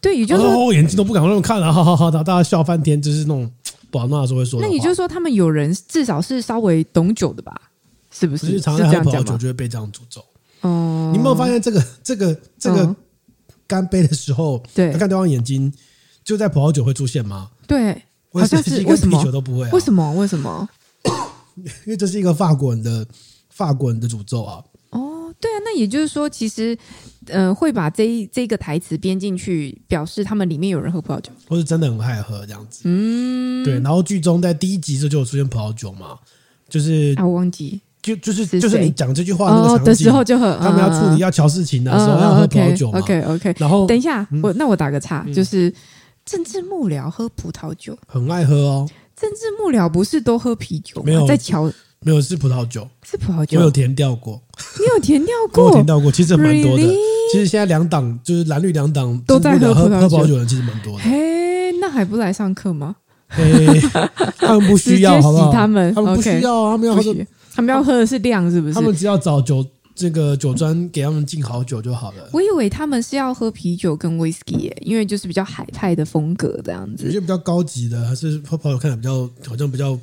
Speaker 2: 對，也就是說、哦、眼
Speaker 1: 睛都不敢那麼看了、啊，哈哈哈！大大家笑翻天，就是那種寶納說話會說的話。那也就是說，
Speaker 2: 他們有人至少是稍微懂酒的吧？是不是？不是常常喝葡萄酒就會
Speaker 1: 被這樣詛咒。
Speaker 2: 哦、嗯，你沒有發現這個
Speaker 1: 這個這個乾杯的時候，嗯、對，看對方眼睛，就在葡萄酒會出現嗎？對，
Speaker 2: 好像是為什麼啤酒都不會、啊？為什麼？為什麼？
Speaker 1: 因為這是一個法國人的法國人的詛咒啊！
Speaker 2: 哦，對啊，那也就是說，其實，嗯、呃，會把這一這個台詞編進去，表示他們裡面有人喝葡萄酒，
Speaker 1: 或是真的很愛喝這樣子。嗯，對。然後劇中在第一集就有出現葡萄酒嘛，就是啊，我忘
Speaker 2: 記，就就是，是就是你講這句話那個、哦、的時候就喝，他們要處理要喬事情的時候、嗯、要喝葡萄酒。OK OK, okay.。然後等一下，嗯、我那我打個岔、嗯，就是政治幕僚喝葡萄酒，
Speaker 1: 很愛喝哦。
Speaker 2: 政治幕僚不是都喝啤酒嗎？沒有在橋，
Speaker 1: 沒有，是葡萄酒，是葡萄酒。我有填掉過。
Speaker 2: [LAUGHS] 你有填掉過？我填掉過，其實蠻多的。Really? 其
Speaker 1: 實現在兩黨就是藍綠兩黨
Speaker 2: 都在喝葡萄酒，喝葡萄酒的人其實蠻多的。嘿、hey,，那還不來上課嗎？Hey,
Speaker 1: 他們不需要， [LAUGHS] 洗他們，好不好？okay, 他們不需要，他們要喝
Speaker 2: 不他們要喝的是量，是不是？他們
Speaker 1: 只要找酒，這個酒莊給他們敬好酒就好了。
Speaker 2: 我以為他們是要喝啤酒跟威士忌，因為就是比較海派的風格這樣子。有
Speaker 1: 些比較高級的，還是泡泡看的比較好像比較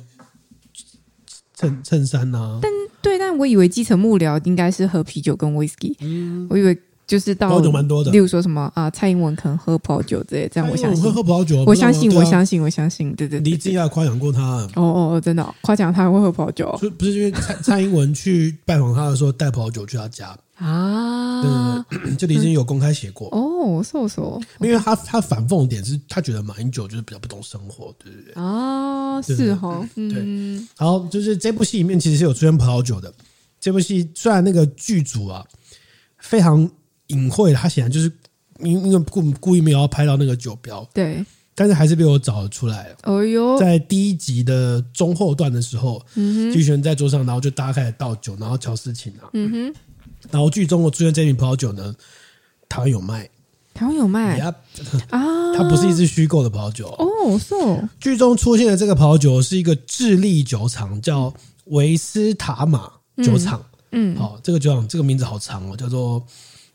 Speaker 1: 襯襯衫吶。但
Speaker 2: 對，但我以為基層幕僚應該是喝啤酒跟威士忌，嗯，我以為。就是到蠻多的，例如說什麼啊，蔡英文可能喝葡萄酒之類，這樣會喝葡萄酒。我相信我，啊，我相信，我相信，我相信，對對、對、對。你一定要誇獎過他哦，oh, oh, oh, 哦，真的誇獎他會喝葡萄酒。不
Speaker 1: 不是因為蔡蔡英文去拜訪他的時候帶葡萄酒去他家
Speaker 2: 啊？
Speaker 1: 嗯， [LAUGHS] 這裡已經有公開寫過
Speaker 2: [LAUGHS] 哦，我搜搜，
Speaker 1: 因為他，okay. 他反諷點是他覺得馬英九就是比較不懂生活，對對對
Speaker 2: 啊，是哈，對。
Speaker 1: 然後，哦嗯，就是這部戲裡面其實是有出現葡萄酒的，這部戲雖然那個劇組啊非常。隱晦，他顯然就是因為因為故故意沒有要拍到那個酒標，對，但是還是被我找得出來了、哎呦。在第一集的中後段的時候，一群人在桌上，然後就大家開始倒酒，然後喬事情啊，嗯哼，然後劇中我出現這瓶葡萄酒呢，台灣有賣，
Speaker 2: 台灣有賣啊,啊？它不是一支
Speaker 1: 虛構的葡萄酒哦，是、so. 劇中出現的這個葡萄酒是一個智利酒廠叫維斯塔瑪酒廠，嗯，
Speaker 2: 嗯好，
Speaker 1: 這個酒廠這個名字好長哦，叫做。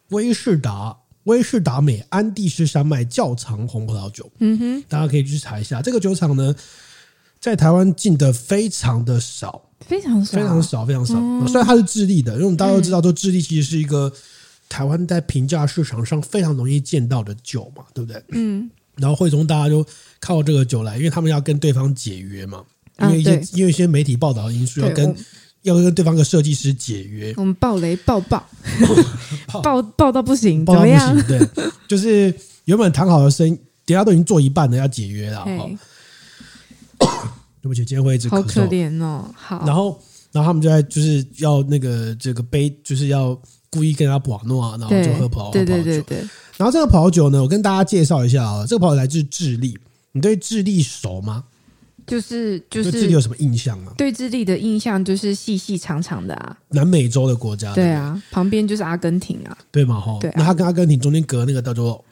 Speaker 1: 威士達，威士達美安第斯山脈窖藏紅葡萄酒，嗯哼，大家可以去查一下這個酒廠呢，在台灣進的非常的少，
Speaker 2: 非常少，非常少，
Speaker 1: 非常少。嗯、雖然它是智利的，因為我們大家都知道，都智利其實是一個台灣在平價市場上非常容易見到的酒嘛，對不對？嗯，然後會從大家就靠這個酒來，因為他們要跟對方解約嘛，因為一些、啊、因為一些媒體報道的因素要跟。要跟對方的設計師解
Speaker 2: 約，我們暴雷暴爆，爆，暴暴到，到不行，怎麼樣？對，
Speaker 1: 就是原本談好的生意，人家都已經做一半了，要解約
Speaker 2: 了。
Speaker 1: Okay. 哦、 [COUGHS] 對不起，今天會一直咳嗽。可憐
Speaker 2: 哦，好。然後，
Speaker 1: 然後他們就在就是要那個這個杯，就是要故意跟他跑諾啊，然後就喝葡萄酒，對對對，對，對，對，然後這個葡萄酒呢，我跟大家介紹一下啊，這個葡萄酒來自智利，你對智利熟嗎？
Speaker 2: 就是就是，對智利有什麼印象嗎？啊？對智利的印象就是細細長長的啊，
Speaker 1: 南美洲的國家。對對，對
Speaker 2: 啊，旁邊就是阿根廷啊，
Speaker 1: 對嘛？哈，對、啊，那它跟阿根廷中間隔那個叫做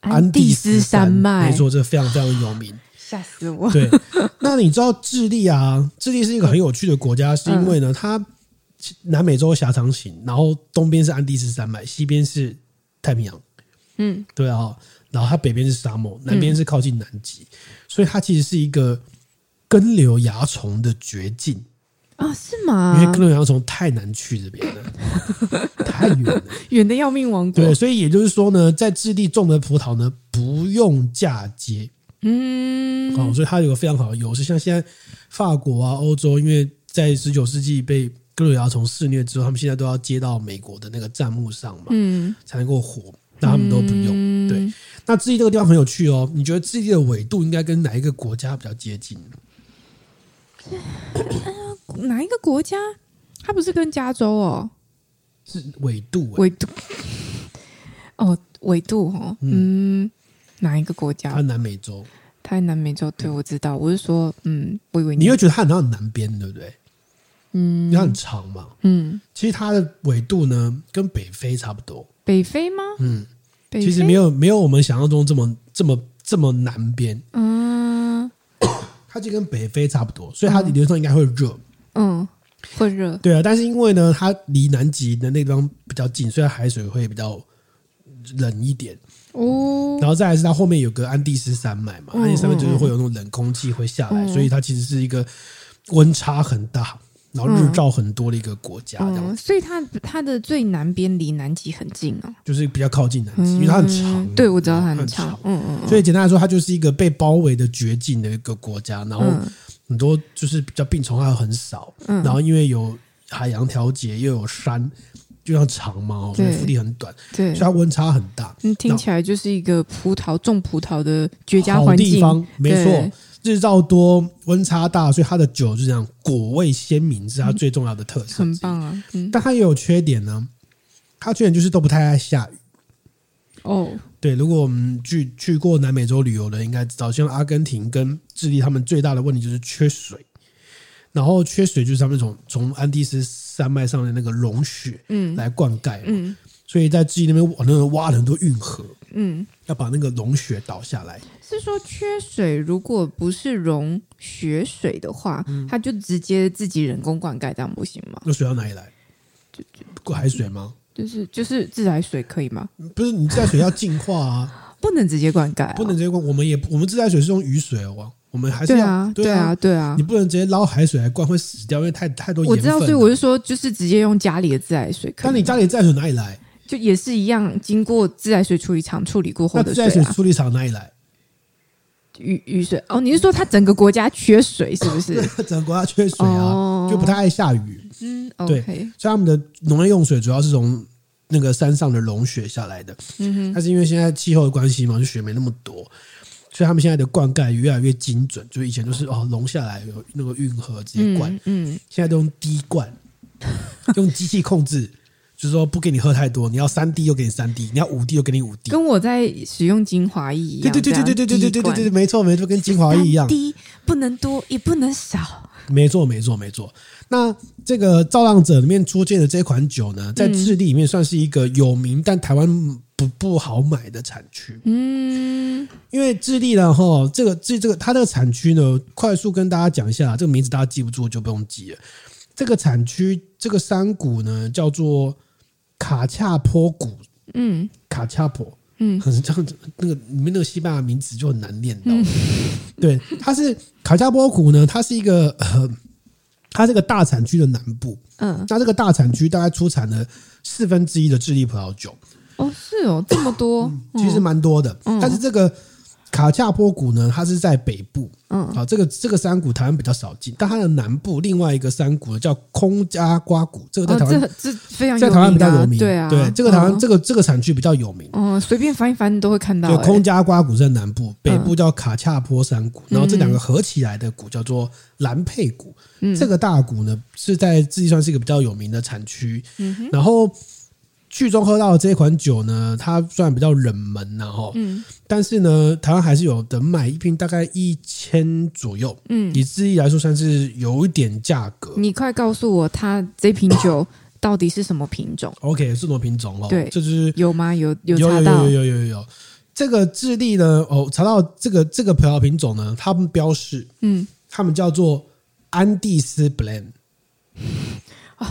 Speaker 1: 安第斯山脈，沒錯，這個、非常非常有名，
Speaker 2: 嚇死我。對，那你知道智
Speaker 1: 利啊？智利是一個很有趣的國家，嗯、是因為呢，它南美洲狹長型，然後東邊是安第斯山脈，西邊是太平洋，嗯，對啊，然後它北邊是沙漠，南邊是靠近南極、嗯，所以它其實是一個。根瘤蚜蟲的絕境
Speaker 2: 啊？是嗎？因為根瘤
Speaker 1: 蚜蟲太難去這邊了，
Speaker 2: [LAUGHS] 太遠了，遠的要命。王國對，所
Speaker 1: 以也就是說呢，在智利種的葡萄呢，不用嫁接。嗯，哦，所以它有個非常好的優勢。像現在法國啊、歐洲，因為在十九世紀被根瘤蚜蟲肆虐之後，他們現在都要接到美國的那個砧木上嘛，嗯，才能夠活。但他們都不用。嗯、對，那智利這個地方很有趣哦。你覺得智利的緯度應該跟哪一個國家比較接近？
Speaker 2: 哎、呃、呀，哪一個國家？它不是跟加州哦，是緯度、欸，緯度。哦，緯度哈、哦嗯，嗯，哪一個國家？它南美洲，它南美洲。對，我知道。嗯、我是說，嗯，你，你又覺得它
Speaker 1: 很南邊，對不對？嗯，
Speaker 2: 因為它很長嘛。嗯，其實它的
Speaker 1: 緯度呢，跟北非差不多。
Speaker 2: 北非嗎？嗯，北其實沒有
Speaker 1: 沒有我們想象中這麼這麼這麼南邊。
Speaker 2: 嗯。它就跟
Speaker 1: 北非差不多，所以它理論上應該會熱，嗯，嗯，會熱，對啊。但是因為呢，它離南極的那地方比較近，所以海水會比較冷一點哦。然後再來是它後面有個安地斯山脈嘛，安地斯山脈就是會有那種冷空氣會下來，嗯，所以它其實是一個溫差很大。然後日照很多的一個國家，嗯嗯、
Speaker 2: 所以它它的最南邊離南極很近哦，
Speaker 1: 就是比較靠近南極，嗯、因為它很長。
Speaker 2: 對、嗯，我知道它很長，嗯長嗯，嗯。所以
Speaker 1: 簡單來說，它就是一個被包圍的絕境的一個國家，然後很多就是比較病蟲害很少，嗯、然後因為有海洋調節，又有山，就像長嘛，嗯、長嘛所以幅地很短，對，所以它溫差很大。
Speaker 2: 嗯，聽起來就是一個葡萄種葡萄的絕佳環境，地方對沒錯。日照多，溫差大，所
Speaker 1: 以它的酒是這樣果味鮮明，是它最重要的特色。嗯。很棒啊！嗯、但它也有缺點呢，它缺點就是都不太愛下雨。
Speaker 2: 哦，
Speaker 1: 對，如果我們去去過南美洲旅遊的，應該知道，像阿根廷跟智利，他們最大的問題就是缺水。然後缺水就是他們從從安地斯山脈上的那個融雪，嗯，來灌溉嗯，嗯，所以在智利那邊我那邊挖了很多運河，嗯。要把那個融雪倒下來，
Speaker 2: 是說缺水，如果不是融雪水的話，嗯，它就直接自己人工灌溉，這樣不行嗎？
Speaker 1: 那水到哪裡來？
Speaker 2: 就，就，就海水嗎？就是就是自來水可以嗎？不是，你
Speaker 1: 自來水要淨化啊， [LAUGHS] 不能直接灌溉，啊不，不能直接灌。我們也我們自來水是用雨水哦，啊，我們還是對啊對啊，對啊，對，啊對啊，你不能直接撈海水來灌，會死掉，因為太太多鹽分。我知道，所以我是
Speaker 2: 說，就是直接用家裡的自來水可以。那你家裡自來水哪裡來？就也是一樣，經過自來水處理廠處理過後的水，啊。自來水處理廠哪裡來？雨雨水哦，你是說它整個國家缺水是不是？ [COUGHS] 那個，整個國家缺水啊，哦，就不太
Speaker 1: 愛下雨。嗯
Speaker 2: ，okay，對。所
Speaker 1: 以他們的農業用水主要是從那個山上的融雪下來的。嗯哼。但是因為現在氣候的關係嘛，就雪沒那麼多，所以他們現在的灌溉越來越精準。就以前都，就是哦，融下來有那個運河直接灌。嗯，
Speaker 2: 嗯，現在都用滴灌，
Speaker 1: 用機器控制。 [LAUGHS] 就是說不給你喝太多，你要三滴就給你三滴，你要五滴就給你五
Speaker 2: 滴，跟我在使用精華液一樣。對對對對對對對對對對對，沒錯沒錯，跟精華液一樣，滴不能多也不能少。
Speaker 1: 沒錯沒錯沒錯。那這個造浪者裡面出現的這款酒呢，在智利裡面算是一個有名但台灣不不好買的產區。
Speaker 2: 嗯，
Speaker 1: 因為智利呢，吼，這個這這個它這個產區呢，快速跟大家講一下，這個名字大家記不住就不用記了。這個產區，這個山谷呢，叫做卡恰坡谷。嗯，卡恰坡。
Speaker 2: 嗯，很
Speaker 1: 這樣子。那個裡面那個西班牙名字就很難念到。嗯、對，它是卡恰坡谷呢，它是一個，呃、它這個大產區的南部。嗯，那這個大產區大概出產了四分之一的智利葡萄酒。哦，是哦，這麼多， [COUGHS] 嗯、其實蠻多的。嗯、但是這個。卡恰坡谷呢，它是在北部，嗯，好，這個這個山谷台灣比較少見，但它的南部另外一個山谷叫空加瓜谷，這個在台灣、哦、這，這非常在台灣比較有名，對啊，對，這個台灣、哦、這個這個產區比較有
Speaker 2: 名，嗯、哦，隨便翻一翻你都會看到、欸。空加
Speaker 1: 瓜谷是在南部，北部叫卡恰坡山谷，嗯、然後這兩個合起來的谷叫做藍佩谷，嗯，這個大谷呢是在世界算是一個比較有名的產區，嗯，然後。劇中喝到的這款酒呢，它雖然比較冷門然吼，嗯，但是呢，台灣還是有得買，一瓶大概一千左右，嗯，以智利來說算是有一點價格。
Speaker 2: 你快告訴我，它這瓶酒到底是什麼品種
Speaker 1: ？OK，是什麼品種哦？對，
Speaker 2: 就是有嗎？有有，有有有有有有有。這個智
Speaker 1: 利呢，哦，查到這個這個葡萄品種呢，它們標示，
Speaker 2: 嗯，
Speaker 1: 他們叫做安地斯 Blend。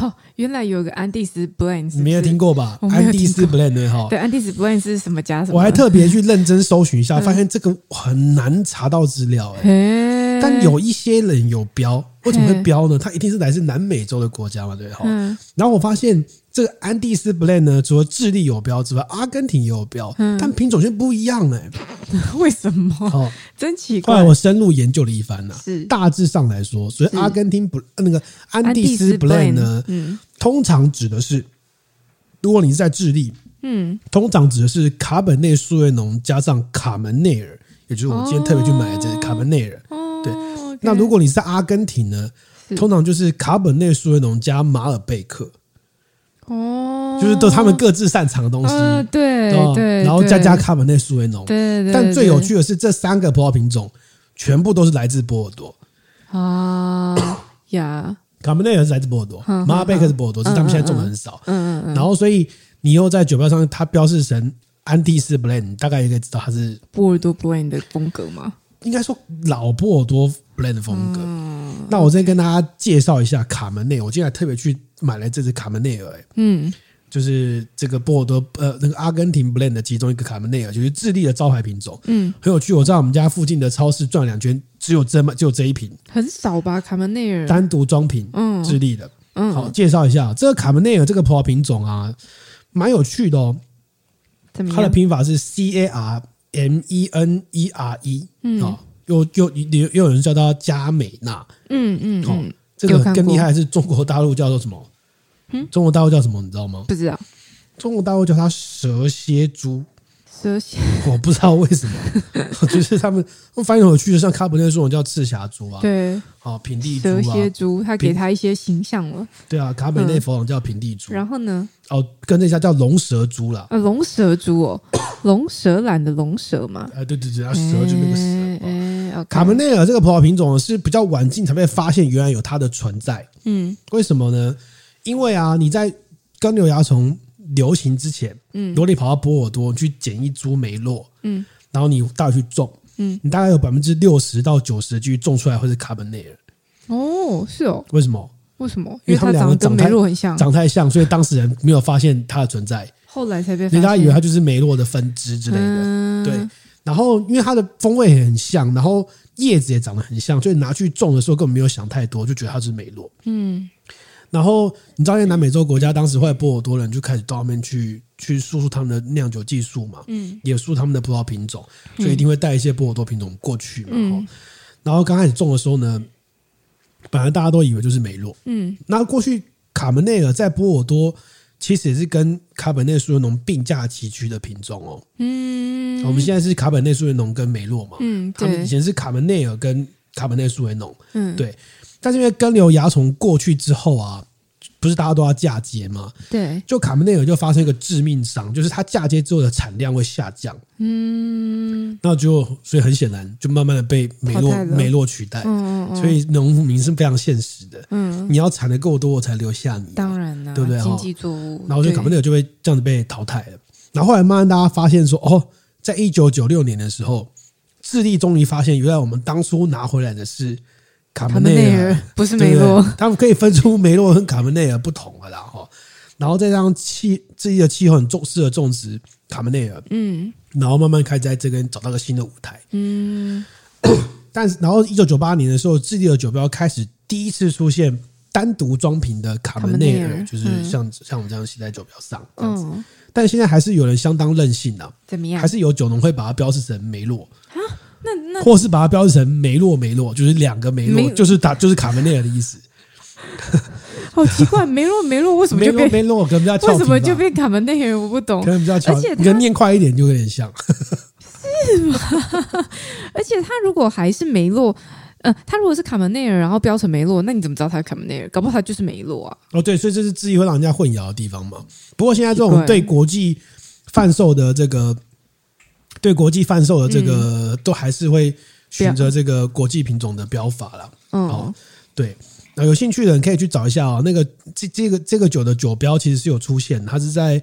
Speaker 2: 哦，原來有個安地斯 blend，你沒有聽過吧？過安地斯 blend 哈， [LAUGHS] 對， [LAUGHS] 對 [LAUGHS] 安地斯 blend 是什麼加什麼？我還特別去
Speaker 1: 認真搜尋一下， [LAUGHS] 發現這個很難查到資料哎， [LAUGHS] 但有一些人有標。為什麼會標呢？它一定是來自南美洲的國家嘛對不對，對、嗯、哈。然後我發現這個 Andes Blend 呢，除了智利有標之外，阿根廷也有標、嗯，但品種就不一樣哎、欸，為什麼？哦，
Speaker 2: 真奇怪！我
Speaker 1: 深入研究了一番呢。是，大致上來說，所以阿根廷不那個 Andes Blend 呢 Blaine,、嗯，通常指的是，如果你是在智利，嗯，通常指的是卡本內蘇維濃加上卡門內爾，也就是我們今天特別去買的這卡門內爾。哦哦。那如果你是阿根廷呢？通常就是卡本內蘇維農加馬爾貝克，
Speaker 2: 哦，就是都是他們各自擅長的東西，呃、對對，對，然後再加，加卡本內蘇維農，對對，對。但最有趣
Speaker 1: 的是，這三個葡萄品種全部都是來自波爾多
Speaker 2: 啊 [COUGHS] 呀！
Speaker 1: 卡本內也是來自波爾多，嗯、馬爾貝克是波爾多、嗯，只是他們現在種的很少。嗯嗯嗯，嗯。然後，所以你又在酒標上它標示成安地斯 Blend 大概應該知道它是波爾多 Blend 的風格嗎？應該說老波爾多 blend 的風格。哦，那我再跟大家介紹一下卡門內，我今天還特別去買了這支卡門內爾，嗯，就是這個波爾多呃那個阿根廷 blend 的其中一個卡門內爾，就是智利的招牌品種，嗯，很有趣。我在我們家附近的超市轉兩圈，只有這麼就這一瓶，
Speaker 2: 很少吧？卡門內爾單
Speaker 1: 獨裝瓶，嗯，智利的。嗯嗯，好，介紹一下這個卡門內爾這個葡萄品種啊，蠻有趣的哦。它的拼法是 C A R。M E N E R E，啊、嗯哦，又又又又有人叫他加美
Speaker 2: 娜，嗯嗯，哦，這個更厲害
Speaker 1: 是中國大陸叫做什麼？嗯、中國大陸叫什麼？你知道
Speaker 2: 嗎？不知道，
Speaker 1: 中國大陸叫他蛇龍珠。 [LAUGHS] 我不知道為什麼，就是他們，他們翻譯很有趣，像卡本內蘇維濃叫赤霞珠啊，對，哦，品麗珠、啊、蛇蠍珠，他給他
Speaker 2: 一些形象了。
Speaker 1: 對啊，卡本內弗朗叫品麗珠、嗯，然後呢，哦，跟着一下叫龍蛇珠啦。
Speaker 2: 啊、呃，龍蛇珠哦，龍蛇懶的龍蛇嘛，啊、哎，對對對，啊，蛇就那個蛇。欸啊 okay、卡門內
Speaker 1: 爾這個葡萄品種是比較晚近才被發現，原來有它的存在。嗯，為什麼呢？因為啊，你在根瘤蚜蟲。流行之前，嗯，如果你跑到波爾多，你去撿一株梅洛，嗯，然後你帶回去種，嗯，你大概有百分之六十到九十的機會去種出來，會是卡本內爾。哦，
Speaker 2: 是哦。為什麼？為什麼？因為它們兩個長得跟梅洛很像，
Speaker 1: 長太像，所以當時人沒有發現它的存在。
Speaker 2: 後來才被人家以為它就是
Speaker 1: 梅洛的分支之類的。嗯。對。然後因為它的風味很像，然後葉子也長得很像，所以拿去種的時候根本沒有想太多，就覺得它是梅洛。嗯。然後你知道，那南美洲國家當時會在波爾多人就開始到那邊去去輸出他們的釀酒技術嘛？嗯，也輸出他們的葡萄品種，嗯，所以一定會帶一些波爾多品種過去嘛，嗯。然後剛開始種的時候呢，本來大家都以為就是梅洛。嗯，那過去卡門內爾在波爾多其實也是跟卡本內蘇維農並駕齊驅的品種哦。嗯，
Speaker 2: 我們
Speaker 1: 現在是卡本內蘇維農跟梅洛嘛。嗯，他們以前是卡門內爾跟卡本內蘇維農。嗯，對。但是因為根瘤蚜蟲過去之後啊，不是大家都要嫁接嗎？
Speaker 2: 對，就卡
Speaker 1: 門內爾就發生一個致命傷，就是它嫁接之後的產量會下降。嗯，那就所以很顯然就慢慢的被美洛美洛取代。嗯、哦哦哦、所以農民是非常現實的。嗯，你要產的夠多，我才留下你。
Speaker 2: 當然了，對不對？經濟作物，然後就卡門內爾
Speaker 1: 就會這樣子被淘汰了。然後後來慢慢大家發現說，哦，在一九九六年的時候，智利終於發現，原來我們當初拿回來的是。卡門內爾不是梅洛，對對對，他們可以分出梅洛和卡門內爾不同了啦，然後，然後再讓氣，智利的氣候很重適合種植卡門內爾，嗯，然後慢慢開始在這邊找到個新的舞台，嗯，咳咳，但是然後一九九八年的時候，智利的酒標開始第一次出現單獨裝瓶的卡門內爾，就是像、嗯、像我們這樣寫在酒標
Speaker 2: 上這樣子，嗯，
Speaker 1: 但現在還是有人相當任性的，怎麼樣？還是有酒農會把它標示成梅洛。那那，或是把它標成梅洛梅洛，就是兩個梅洛，梅就是打就是卡門內爾的意思。 [LAUGHS] 好奇
Speaker 2: 怪，梅洛梅洛為什麼就變梅洛，
Speaker 1: 梅洛可能比較強？跟人家為
Speaker 2: 什麼就變卡門內爾？我不懂，跟人家而且跟念快
Speaker 1: 一點就有點像，
Speaker 2: 是嗎？ [LAUGHS] 而且他如果還是梅洛，呃，他如果是卡門內爾，然後標成梅洛，那你怎麼知道他是卡門內爾？搞不好他就是梅洛啊！
Speaker 1: 哦，對，所以這是自己會讓人家混淆的地方嘛。不過現在這種對國際販售的這個。對國際販售的這個、嗯、都還是會選擇這個國際品種的標法啦。嗯，對，那有興趣的人可以去找一下啊、哦。那個這這個這個酒的酒標其實是有出現，它是在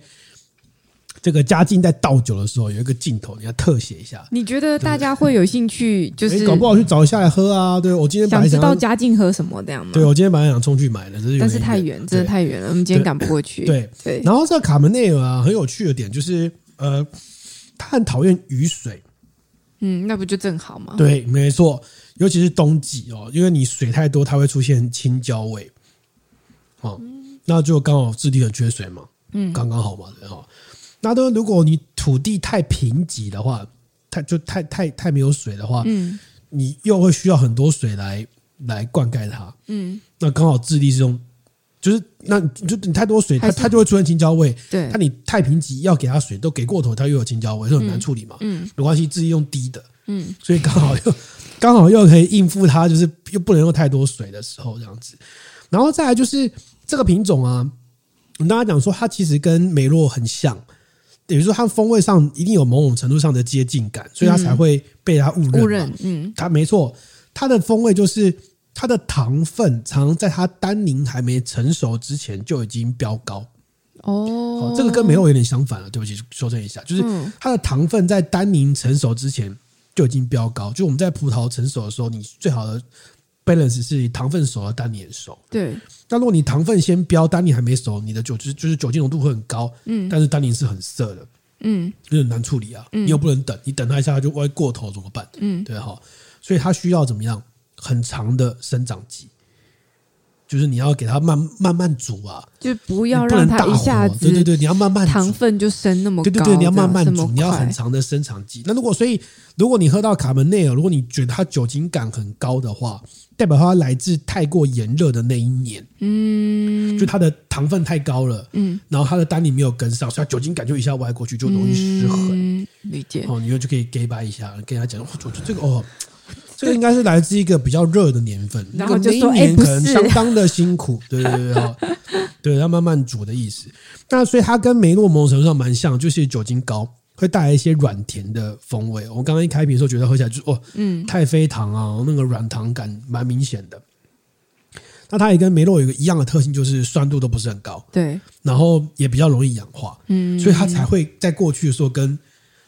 Speaker 1: 這個家競在倒酒的時候有一個鏡頭，你要特寫一下。
Speaker 2: 你覺得大家會有興趣、就是？就是、欸、搞不好去
Speaker 1: 找一下來喝啊。對我今天本來想,想知
Speaker 2: 道家競喝什麼這樣的。對我
Speaker 1: 今天本來想衝去買的，但是
Speaker 2: 太遠，真的太遠了，我們今天趕不過去。對對,對。然後
Speaker 1: 這個卡門內爾啊，很有趣的點就是呃。他很討厭雨水，嗯，
Speaker 2: 那不就正好嗎？對，
Speaker 1: 沒錯，尤其是冬季哦，因為你水太多，它會出現青椒味，哦，那就剛好智利很缺水嘛，嗯，
Speaker 2: 剛剛好
Speaker 1: 嘛，哈、哦。那都如果你土地太貧瘠的話，太就太太太沒有水的話，嗯，你又會需要很多水來來灌溉它，嗯，那剛好智利是用。就是那你就你太多水，它它就會出現青椒味。對，那你太貧瘠，要給它水都給過頭，它又有青椒味，就很難處理嘛。嗯，嗯沒關係，自己用低的。嗯，所以剛好又剛、嗯、好又可以應付它，就是又不能用太多水的時候這樣子。然後再來就是這個品種啊，我跟剛剛講說它其實跟梅洛很像，等於說它風味上一定有某種程度上的接近感，所以它才會被它誤認。誤、嗯、認，嗯，它沒錯，它的風味就是。它的糖分常常在它單寧還沒成熟之前就已經飆高
Speaker 2: 哦，這個跟梅洛有
Speaker 1: 點相反了。對不起，修正一下，就是它的糖分在單寧成熟之前就已經飆高。就我們在葡萄成熟的時候，你最好的 balance 是糖分熟的，單寧也熟。對。但如果你糖分先飆，單寧還沒熟，你的酒質就是酒精濃度會很高，嗯，但是單寧是很澀的，嗯，就很難處理啊、嗯。你又不能等，你等它一下，它就歪過頭，怎麼辦？嗯，對哈、哦，所以它需要怎麼樣？很長的生長期，就是你要給它慢慢慢煮啊，
Speaker 2: 就不要讓它一下子。對對，你要慢慢煮，糖分就升那麼高。對對，你要慢慢煮，你要很長的生長期。那如果所以，
Speaker 1: 如果你喝到卡門內爾，如果你覺得它酒精感很高的話，代表它來自太過炎熱的那一年，嗯，就它的糖分太高了，嗯，然後它的單寧沒有跟上，所以它酒精感就一下歪過去，就容易失衡。嗯，理解哦，你就可以給巴一下，跟人家講，我這個哦。這應該是來自一個比較熱的年份，然後就一,一年可能相當的辛苦。哎、 [LAUGHS] 對對對，對，要慢慢煮的意思。那所以它跟梅洛某種程度上蠻像，就是酒精高會帶來一些軟甜的風味。我剛剛一開瓶的時候，覺得喝起來就是、哦，嗯，太妃糖啊、嗯，那個軟糖感蠻明顯的。那它也跟梅洛有一個一樣的特性，就是酸度都不是很高。對，然後也比較容易氧化。嗯，所以它才會在過去的時候跟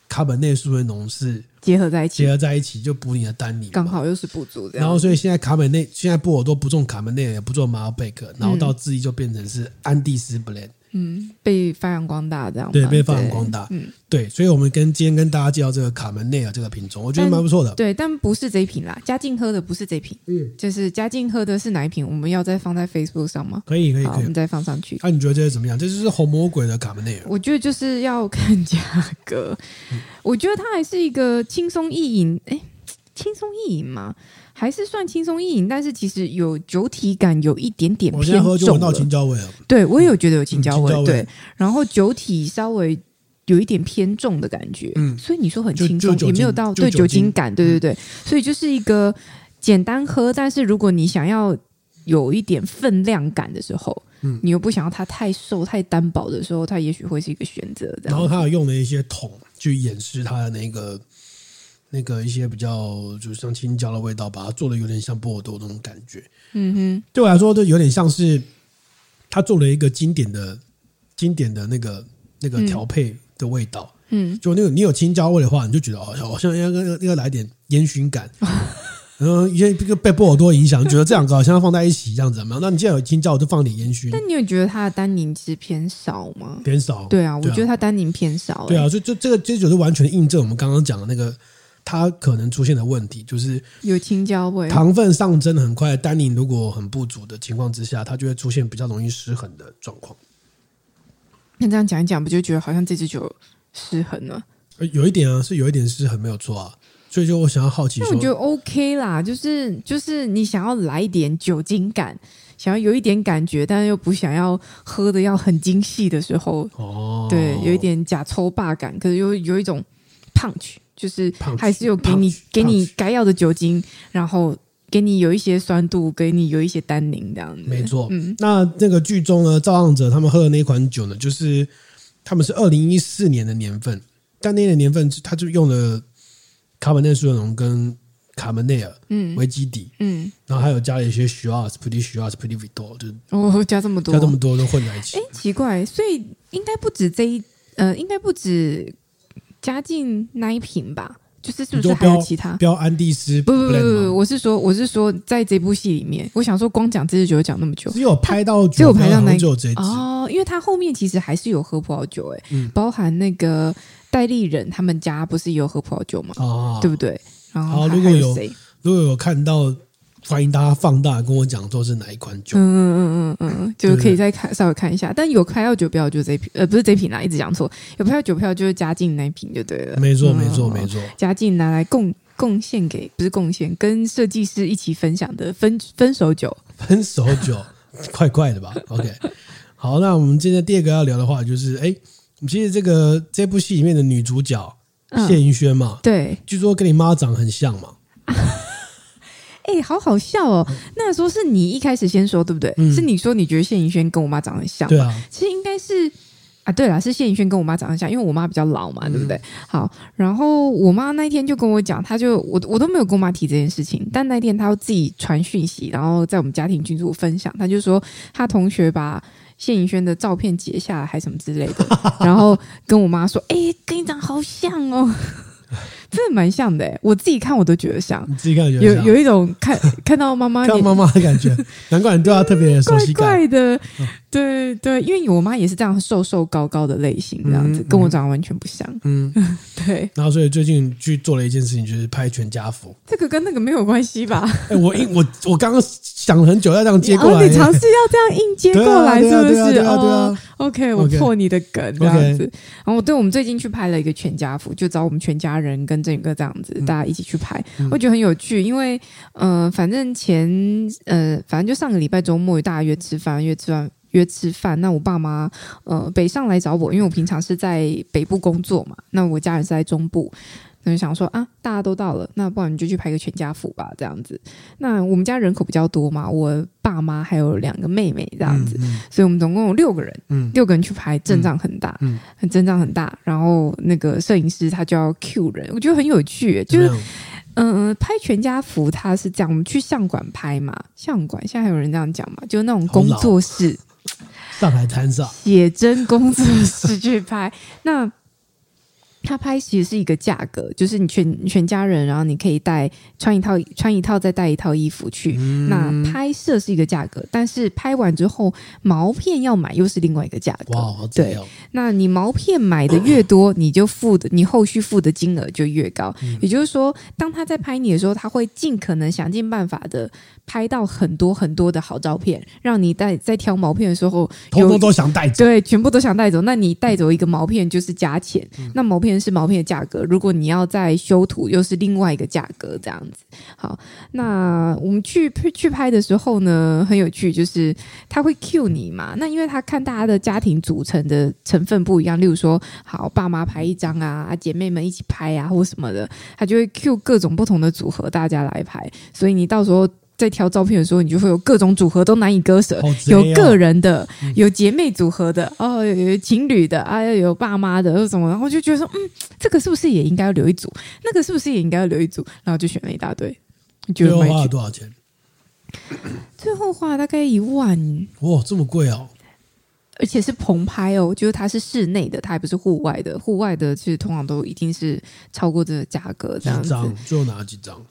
Speaker 1: 卡本內蘇維濃是。結合在一起，結合在一起就補你的單寧，
Speaker 2: 剛好又是補足，然後，所以現
Speaker 1: 在卡門內，現在波爾多不種卡門內，也不做馬爾貝克，然後到智利就變成是安地斯 Blend。嗯
Speaker 2: 嗯，被發揚光大這樣。對，被發揚光大，嗯，
Speaker 1: 對，所以，我們跟今天跟大家介紹這個卡門內爾這個品種，我覺得蠻不錯的。對，
Speaker 2: 但不是這瓶啦，家競喝的不是這瓶，嗯，就是家競喝的是哪一瓶？我們要再放在 Facebook 上嗎？可
Speaker 1: 以，可以，好，我們再放上去。那、啊、你覺得這是怎麼樣？這就是紅魔鬼的
Speaker 2: 卡門內爾，我覺得就是要看價格，嗯，我覺得它還是一個輕鬆易飲，哎、欸，輕鬆易飲嘛。還是算輕鬆易飲，但是其實有酒體感，有一點點偏重。我先喝就聞到青椒味啊，對，我也有覺得有青椒味、嗯、青椒味。對，然後酒體稍微有一點偏重的感覺。嗯，所以你說很輕鬆，也沒有到酒對酒精感。對對對、嗯，所以就是一個簡單喝，但是如果你想要有一點分量感的時候，嗯，你又不想要它太瘦太單薄的時候，它也許會是一個選擇。然後
Speaker 1: 他有用了一些桶去掩飾他的那個。那個一些比較就是像青椒的味道，把它做的有點像波爾多那種感覺。嗯
Speaker 2: 哼，
Speaker 1: 對我來說，這有點像是它做了一個經典的經典的那個那個調配的味道。嗯，就那個你有青椒味的話，你就覺得好像好像應該應該來點煙熏感。嗯，因為被波爾多影響，你覺得這兩個好像放在一起這樣子怎麼樣？那你既然有青椒，就放點煙熏。但
Speaker 2: 你有覺得它的單寧其實偏少嗎？
Speaker 1: 偏少。對啊，對啊我覺得它
Speaker 2: 單寧偏少、欸。對啊，
Speaker 1: 所以就這個這就是完全印證我們剛剛講的那個。它可能出現的問題就是
Speaker 2: 有青椒味，糖
Speaker 1: 分上升的很快，單寧如果很不足的情況之下，它就會出現比較容易失衡的狀況。
Speaker 2: 那這樣講一講，不就覺得好像這支酒失衡了？
Speaker 1: 有一點啊，是有一點失衡，沒有錯啊。所以就我想要好奇，那我覺得
Speaker 2: OK 啦，就是就是你想要來一點酒精感，想要有一點感覺，但是又不想要喝的要很精細的時候，哦，對，有一點假抽霸感，可是有有一種 punch。就是還是有給你 Punch, Punch，給你該要的酒精，Punch，然後給你有一些酸度，給你有一些單寧，這樣子沒錯。沒錯，
Speaker 1: 那那個劇中呢，造浪者他們喝的那一款酒呢，就是他們是二零一四年的年份，但那年的年份他就用了卡本內蘇維濃跟卡門內爾為基底，嗯，嗯然後還有加了一些 Shiraz, Petit Shiraz, Petit Verdot 就
Speaker 2: 哦，加這麼多，加這麼多
Speaker 1: 都混在一起。哎、
Speaker 2: 欸，奇怪，所以應該不止這一，呃，應該不止。家競那一瓶吧，就是是不是還有其他
Speaker 1: 標安地斯？不不不不，
Speaker 2: 我是說我是說，在這部戲裡面，我想說光講這支酒就講那麼久，只有拍到只有拍到那個、這一次哦，因為他後面其實還是有喝葡萄酒誒、欸嗯，包含那個戴立忍他們家不是也有喝葡萄酒嘛、嗯哦啊、對不對？然後、哦、如果有
Speaker 1: 如果有看到。歡迎大家放大跟我講說，是哪一款
Speaker 2: 酒？嗯嗯嗯嗯嗯，就可以再看對對稍微看一下。但有開到酒標就是這瓶，呃，不是這瓶啦、啊，一直講錯。有開到酒標就是家競那一瓶就對了。沒錯，嗯、沒錯，沒錯。家競拿來貢貢獻給，不是貢獻，跟設計師一起分享的分分手酒。
Speaker 1: 分手酒， [LAUGHS] 怪怪的吧？OK。好，那我們今天第二個要聊的話，就是哎，我們其實這個這部戲裡面的女主角、嗯、謝盈萱嘛，對，據說跟你媽長很像嘛。 [LAUGHS]
Speaker 2: 哎、欸，好好笑哦！嗯、那時候是你一開始先說，對不對？嗯、是你說你覺得謝盈萱跟我媽長得很像，對啊。其實應該是啊，對了，是謝盈萱跟我媽長得像，因為我媽比較老嘛，對不對？嗯、好，然後我媽那天就跟我講，她就我我都沒有跟我媽提這件事情，但那天她自己傳訊息，然後在我們家庭群組分享，她就說她同學把謝盈萱的照片截下來，還什麼之類的， [LAUGHS] 然後跟我媽說，哎、欸，跟你長好像哦。真的蠻像的，欸，我自己看我都覺得像。你自己看有有有一種看看到媽媽 [LAUGHS] 看到媽媽的感覺，
Speaker 1: 難怪你對她特別的熟悉，怪
Speaker 2: 怪的。嗯對對，因為我媽也是這樣瘦瘦高高的類型，這樣子、嗯嗯、跟我長得完全不像。嗯， [LAUGHS] 對。
Speaker 1: 然後所以最近去做了一件事情，就是拍全家福。
Speaker 2: 這個跟那個沒有關係吧？ [LAUGHS] 欸、
Speaker 1: 我我我剛剛想了很久要這樣接過來，嘗、哦、試要
Speaker 2: 這樣硬接過來，是不是？啊對啊。OK，我破你的梗這樣子。Okay. 然後我對我們最近去拍了一個全家福，就找我們全家人跟鎮宇哥這樣子，嗯、大家一起去拍、嗯，我覺得很有趣。因為嗯、呃，反正前嗯、呃，反正就上個禮拜周末，大家約吃飯，嗯、約吃完。約吃飯，那我爸媽呃北上來找我，因為我平常是在北部工作嘛。那我家人是在中部，那就想說啊，大家都到了，那不然你就去拍個全家福吧，這樣子。那我們家人口比較多嘛，我爸媽還有兩個妹妹，這樣子、嗯嗯，所以我們總共有六個人，嗯、六個人去拍，陣仗很大，很、嗯、陣、嗯、仗很大。然後那個攝影師他就要 cue 人，我覺得很有趣、欸，就是嗯、no. 呃、拍全家福他是這樣，我們去相館拍嘛，相館現在還有人這樣講嘛，就那種工作室。
Speaker 1: 上海灘上，
Speaker 2: 寫真工作室去拍那。他拍其實是一個價格，就是你全你全家人，然後你可以帶穿一套穿一套，一套再帶一套衣服去。嗯、那拍攝是一個價格，但是拍完之後毛片要買，又是另外一個價格。哇，對。哦。那你毛片買的越多，你就付的、啊、你後續付的金額就越高、嗯。也就是說，當他在拍你的時候，他會盡可能想盡辦法的拍到很多很多的好照片，讓你在在挑毛片的時候，全部都想帶走，對，全部都想帶走。那你帶走一個毛片就是加錢，嗯、那毛片。是毛片的價格，如果你要再修圖，又是另外一個價格，這樣子。好，那我們去去拍的時候呢，很有趣，就是他會 cue 你嘛。那因為他看大家的家庭組成的成分不一樣，例如說，好爸媽拍一張啊，姐妹們一起拍啊，或什麼的，他就會 cue 各種不同的組合，大家來拍。所以你到時候。在挑照片的時候，你就會有各種組合都難以割舍，有個人的，有姐妹組合的，哦，有情侶的，哎呀，有爸媽的，有什麼，然後就覺得說，嗯，這個是不是也應該要留一組？那個是不是也應該要留一組？然後就選了一大堆。你覺得花了多少錢？最後花大概一萬。
Speaker 1: 哇，這麼貴
Speaker 2: 哦！而且是棚拍哦，就是它是室內的，它還不是戶外的。戶外的其實通常都一定是超過這個價格。這樣子，
Speaker 1: 最後拿幾張？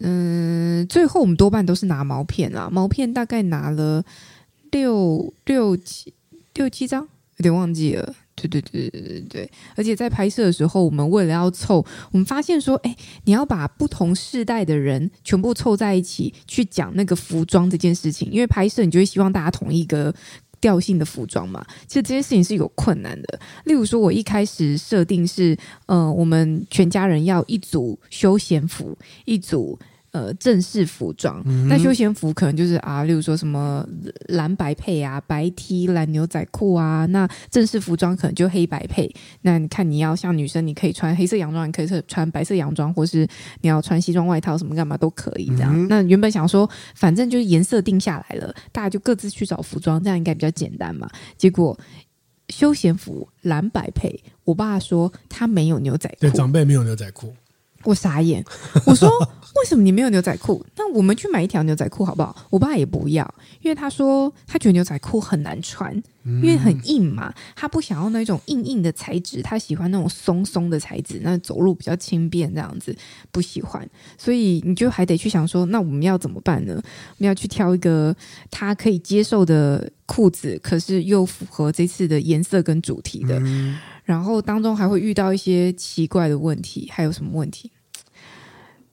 Speaker 2: 嗯，最後我們多半都是拿毛片啊。毛片大概拿了六六七六七張，有點忘記了。對對對對對對，對，而且在拍攝的時候，我們為了要湊，我們發現說，哎、欸，你要把不同世代的人全部湊在一起去講那個服裝這件事情，因為拍攝你就會希望大家同一個。調性的服裝嘛，其實這件事情是有困難的。例如說，我一開始設定是，呃，我們全家人要一組休閒服，一組。呃，正式服裝，那、嗯、休閒服可能就是啊，例如說什麼藍白配啊，白 T 藍牛仔褲啊。那正式服裝可能就黑白配。那你看，你要像女生，你可以穿黑色洋裝，你可以穿穿白色洋裝，或是你要穿西裝外套什麼幹嘛都可以這樣、嗯。那原本想說，反正就是顏色定下來了，大家就各自去找服裝，這樣應該比較簡單嘛。結果休閒服藍白配，我爸說他沒有牛仔褲，對，長輩
Speaker 1: 沒有牛仔褲。
Speaker 2: 我傻眼，我說為什麼你沒有牛仔褲？那我們去買一條牛仔褲好不好？我爸也不要，因為他說他覺得牛仔褲很難穿，因為很硬嘛，他不想要那種硬硬的材質，他喜歡那種鬆鬆的材質，那走路比較輕便這樣子，不喜歡。所以你就還得去想說，那我們要怎麼辦呢？我們要去挑一個他可以接受的褲子，可是又符合這次的顏色跟主題的，然後當中還會遇到一些奇怪的問題，還有什麼問題？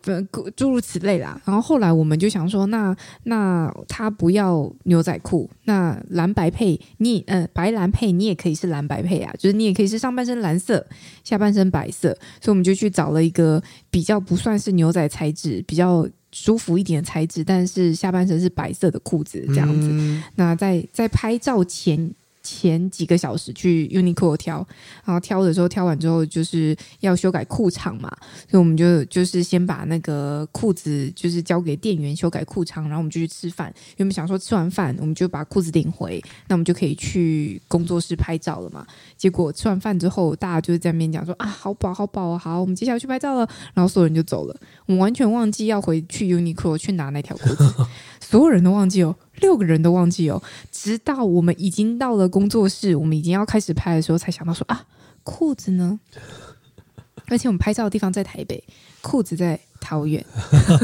Speaker 2: 嗯，諸如此類啦。然後後來我們就想說，那那他不要牛仔褲，那藍白配，你嗯、呃，白藍配，你也可以是藍白配啊，就是你也可以是上半身藍色，下半身白色。所以我們就去找了一個比較不算是牛仔材質，比較舒服一點的材質，但是下半身是白色的褲子這樣子。嗯、那在在拍照前。前幾個小時去 Uniqlo 挑，然後，挑的時候，挑完之後就是要修改褲長嘛，所以我們就就是先把那個褲子就是交給店員修改褲長，然後我們就去吃飯。因為我們想說吃完飯我們就把褲子領回，那我們就可以去工作室拍照了嘛。結果吃完飯之後，大家就是在那邊講說啊，好飽，好飽啊，好，我們接下來去拍照了。然後所有人就走了，我們完全忘記要回去 Uniqlo 去拿那條褲子。 [LAUGHS] 所有人都忘記哦，六個人都忘記哦，直到我們已經到了工作室，我們已經要開始拍的時候，才想到說啊，褲子呢？ [LAUGHS] 而且我們拍照的地方在台北，褲子在桃園，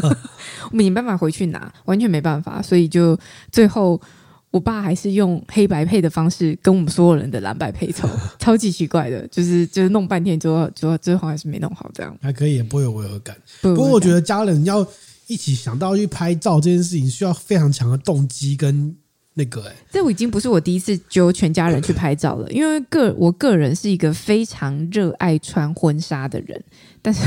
Speaker 2: [LAUGHS] 我們沒辦法回去拿，完全沒辦法，所以就最後我爸還是用黑白配的方式跟我們所有人的藍白配湊，超級奇怪的，就是就是弄半天之後，之後最後還是沒弄好，這樣
Speaker 1: 還可以，不會有違和感，感。不過我覺得家人要一起想到去拍照這件事情，需要非常強的動機跟那個哎，
Speaker 2: 這我已經不是我第一次揪全家人去拍照了。因為個我個人是一個非常熱愛穿婚紗的人，但是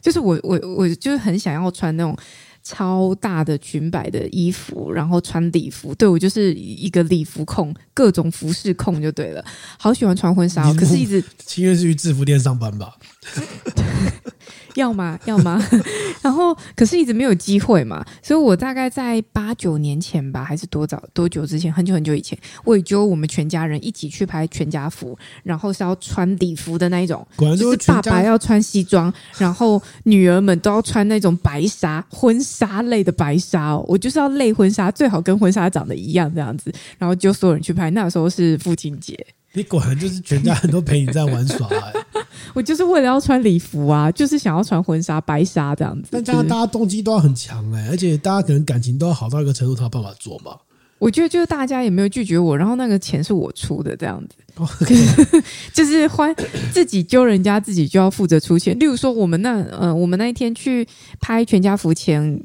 Speaker 2: 就是我我我就是很想要穿那種超大的裙擺的衣服，然後穿禮服。對，我就是一個禮服控，各種服飾控就對了，好喜歡穿婚紗，喔。可是一直，
Speaker 1: 情願是去制服店上班吧？ [LAUGHS]
Speaker 2: 要嗎？要嗎？ [LAUGHS] [LAUGHS] 然後，可是一直沒有機會嘛。所以我大概在八九年前吧，還是多早多久之前，很久很久以前，我也就我們全家人一起去拍全家福，然後是要穿禮服的那一種，就是爸爸要穿西裝，然後女兒們都要穿那種白紗婚紗類的白紗哦。我就是要類婚紗，最好跟婚紗長得一樣這樣子。然後就所有人去拍，那時候是父親節。
Speaker 1: 你果然就是全家人都陪你在玩耍。欸，
Speaker 2: [LAUGHS] 我就是為了要穿禮服啊，就是想要穿婚紗、白紗這樣子。但大家大家動機都要很
Speaker 1: 強哎，欸，而且
Speaker 2: 大家可能感情都要好到一個程度，才有辦法做嘛。我覺得就是大家也沒有拒絕我，然後那個錢是我出的這樣子， [LAUGHS] [LAUGHS] 就是歡自己揪人家自己就要負責出錢。例如說我們那呃我們那一天去拍全家福前，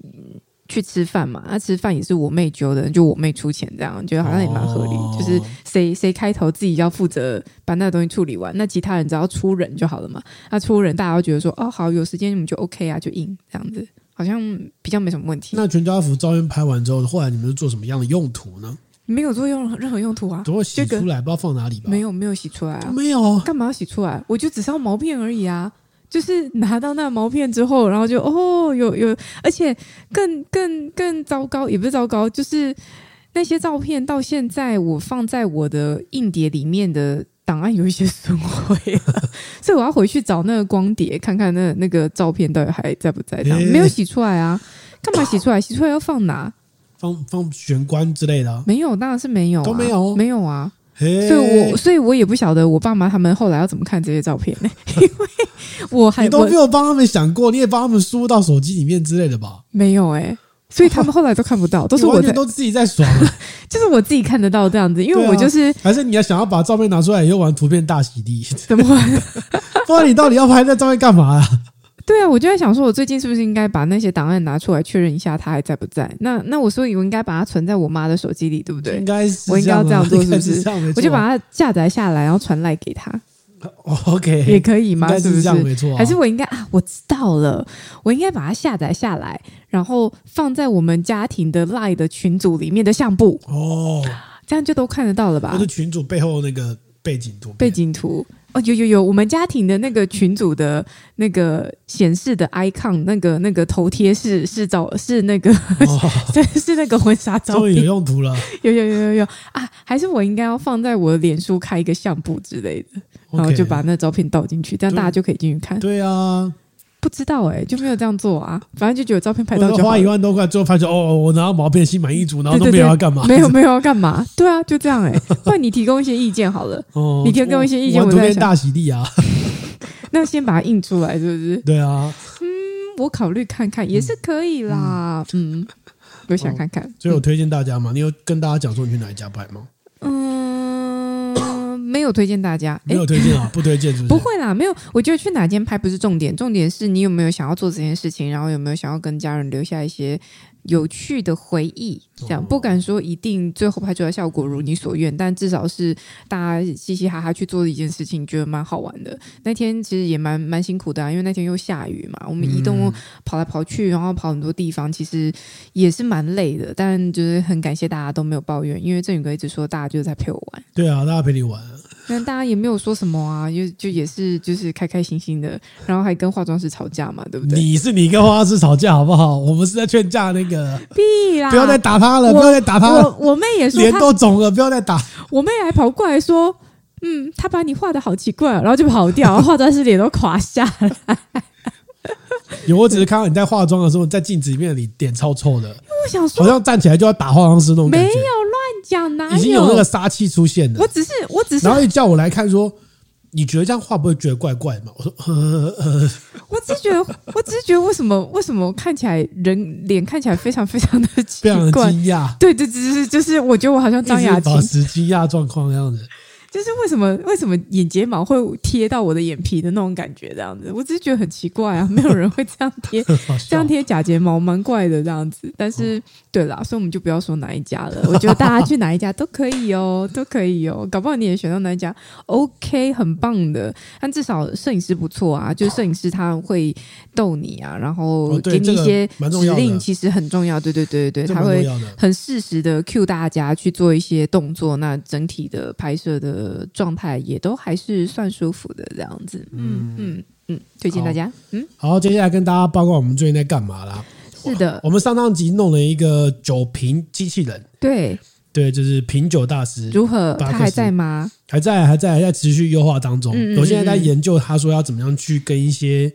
Speaker 2: 去吃飯嘛？那、啊、吃飯也是我妹揪的，就我妹出錢，這樣覺得好像也蠻合理。哦、就是誰誰開頭自己要負責把那個東西處理完，那其他人只要出人就好了嘛。那、啊、出人，大家都覺得說哦好，有時間你們就 OK 啊，就贏這樣子，
Speaker 1: 好像比較沒什麼問題。那全家福照片拍完之後，後來你們就做什麼樣的用途呢？
Speaker 2: 沒有做用任何用途啊，多會洗
Speaker 1: 出來、這個，不知道放哪裡
Speaker 2: 吧。沒有，沒有洗出來啊，沒有，幹嘛要洗出來？我就只是要毛片而已啊。就是拿到那個毛片之後，然後就哦，有有，而且更更更糟糕，也不是糟糕，就是那些照片到現在我放在我的硬碟裡面的檔案有一些損毀， [LAUGHS] 所以我要回去找那個光碟，看看那那個照片到底還在不在。沒有洗出來啊？幹嘛洗出來？洗出來要放哪？放放
Speaker 1: 玄關之類的、啊？
Speaker 2: 沒有，當然是沒有、啊，都沒有、哦，沒有啊。
Speaker 1: Hey, 所以我
Speaker 2: 所以我也不曉得我爸媽他們後來要怎麼看這些照片呢、欸？因為我還你都沒有幫他們想過，
Speaker 1: 你也幫他們輸入到手機裡面之類的吧？
Speaker 2: 沒有哎、欸，所以他們後來都看不到，啊、都是我的完全都自己在爽， [LAUGHS] 就是我自己看得到這樣子，因為、啊、我就是
Speaker 1: 還是你要想要把照片拿出來，又玩圖片
Speaker 2: 大洗地，怎麼玩？ [LAUGHS] 不然你到底要拍那照片幹嘛呀、啊？對啊，我就在想說，我最近是不是應該把那些檔案拿出來確認一下，他還在不在？那那我所以我應該把它存在我媽的手機裡，對不對？應該是這樣，啊，我應該要這樣做是不是，是，啊？我就把它下載下來，然後傳賴給他，
Speaker 1: 哦。OK，也可以嗎？是，啊，是不是這樣？沒錯。還是
Speaker 2: 我應該啊？我知道了，我應該把它下載下來，然後放在我們家庭的賴的群組裡面的相簿哦，這樣就都看得到了吧？不是群組背後那個背景圖，背景圖。哦，有有有，我們家庭的那個群組的那個顯示的 icon，那個那個頭貼是是照是那個，是、哦、 [LAUGHS] 是那個婚紗照片，終於有用途了。有有有有有啊！還是我應該要放在我的臉書開一個相簿之類的， [LAUGHS] 然後就把那照片倒進去，這樣大家就可以進去看。對，對啊。不知道哎、欸，就沒有這樣做啊。反正就覺得照片拍到，我、嗯、花一
Speaker 1: 萬多塊，之後拍出哦，我拿到毛片心滿意足，然後都沒有要幹嘛。對對對，沒有沒
Speaker 2: 有要幹嘛。對啊，就這樣哎、欸。那 [LAUGHS] 你提供一些意見好了，嗯、你可以給我一些意見、嗯。我這邊大喜
Speaker 1: 地啊 [LAUGHS] ，
Speaker 2: 那先把它印出來是不是？對啊。嗯，我考慮看看，也是可以啦。嗯，嗯嗯嗯，我想看看。哦、所以我推
Speaker 1: 薦大家嘛、嗯，你有跟大家講說你去哪一家拍嗎？
Speaker 2: 沒有推薦大家，沒有推薦啊，不推薦是不是？不會啦，沒有。我覺得去哪間拍不是重點，重點是你有沒有想要做這件事情，然後有沒有想要跟家人留下一些。有趣的回憶，這樣不敢說一定最後拍出來效果如你所願，但至少是大家嘻嘻哈哈去做的一件事情，覺得蠻好玩的。那天其實也蠻蠻辛苦的、啊，因為那天又下雨嘛，我們移動、嗯、跑來跑去，然後跑很多地方，其實也是蠻累的。但就是很感謝大家都沒有抱怨，因為鎮宇哥一直說大家就是在陪我玩。
Speaker 1: 對啊，大家陪你玩，
Speaker 2: 但大家也沒有說什麼啊，就就也是就是開開心心的，然後還跟化妝師吵架嘛，對不對？你
Speaker 1: 是你跟化妝師吵架好不好？我們是在勸架那個。
Speaker 2: 必啦！不要再打他了，不要再打他了。了。我妹也說臉都腫了，不要再打。我妹還跑過來說：“嗯，他把你畫的好奇怪。”然後就跑掉，化妝師臉都垮下
Speaker 1: 來。 [LAUGHS] 有，我只是看到你在化妝的時候，在鏡子裡面你臉超臭的。
Speaker 2: 因為我想說，好像
Speaker 1: 站起來就要打化妝師那種，沒
Speaker 2: 有亂講呢，已經有那個
Speaker 1: 殺氣出現了。我
Speaker 2: 只是，我只是，然後一
Speaker 1: 叫我來看說。你覺得這樣畫不會覺得怪怪嗎？我說，
Speaker 2: 我只是覺得，我只是覺得，為什麼， [LAUGHS] 為什麼看起來人臉看起來非常非常的奇怪？對對，只、就是就是，我覺得我好像張牙，保持
Speaker 1: 驚訝狀況那樣的，
Speaker 2: 就是為什麼，為什麼眼睫毛會貼到我的眼皮的那種感覺，這樣子，我只是覺得很奇怪啊，沒有人會這樣貼， [LAUGHS] 這樣貼假睫毛，蠻怪的這樣子，但是。嗯對啦，所以我們就不要說哪一家了。我覺得大家去哪一家都可以哦、喔， [LAUGHS] 都可以哦、喔。搞不好你也選到哪一家，OK，很棒的。但至少攝影師不錯啊，就是攝影師他會逗你啊，然後給你一些指令、哦這個，其實很重要。對對對對對，他會很適時的 cue 大家去做一些動作，那整體的拍攝的狀態也都還是算舒服的這樣子。嗯嗯嗯，推薦大家。嗯，
Speaker 1: 好，接下來跟大家報告我們最近在幹嘛啦。是的我，我們上上集弄了一個酒評機器人，對對，就是品酒大師。如何？他還在嗎？還在，還在，還在，還在持續優化當中。我現在在研究，他說要怎麼樣去跟一些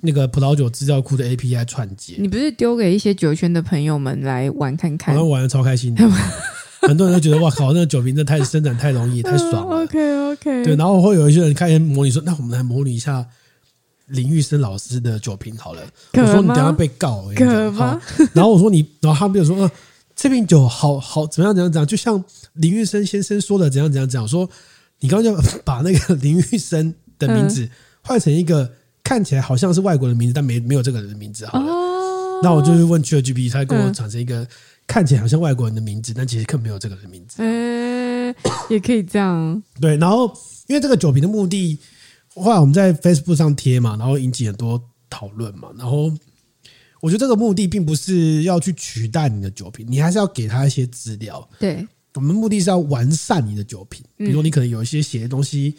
Speaker 1: 那個葡萄酒資料庫的 API 串接。
Speaker 2: 你不是丟給一些酒圈的朋友們來玩看看？他們玩
Speaker 1: 的超開心，的。 [LAUGHS] 很多人都覺得哇靠，那個酒評真的太生產太容易，太爽
Speaker 2: 了。嗯、OK OK，對。
Speaker 1: 然後會有一些人開始模擬說，那我們來模擬一下。林玉生老師的酒瓶好
Speaker 2: 了，我說你等下被
Speaker 1: 告，可嗎？然後我說你，然後他們就說，啊這瓶酒好好怎麼樣？怎樣？怎樣？就像林玉生先生說的，怎樣？怎樣？講說，你剛剛把那個林玉生的名字換成一個看起來好像是外國人的名字，但沒沒有這個人的名字好了。那我就是問 ChatGPT 它給我產生一個看起來好像外國人的名字，但其實更沒有這個人的名
Speaker 2: 字。誒，也可以這樣。對，然後
Speaker 1: 因為這個酒瓶的目的。後來我們在 Facebook 上貼嘛，然後引起很多討論嘛。然後我覺得這個目的並不是要去取代你的酒品，你還是要給他一些資料。對，我們目的是要完善你的酒品，嗯，比如說你可能有一些寫的東西，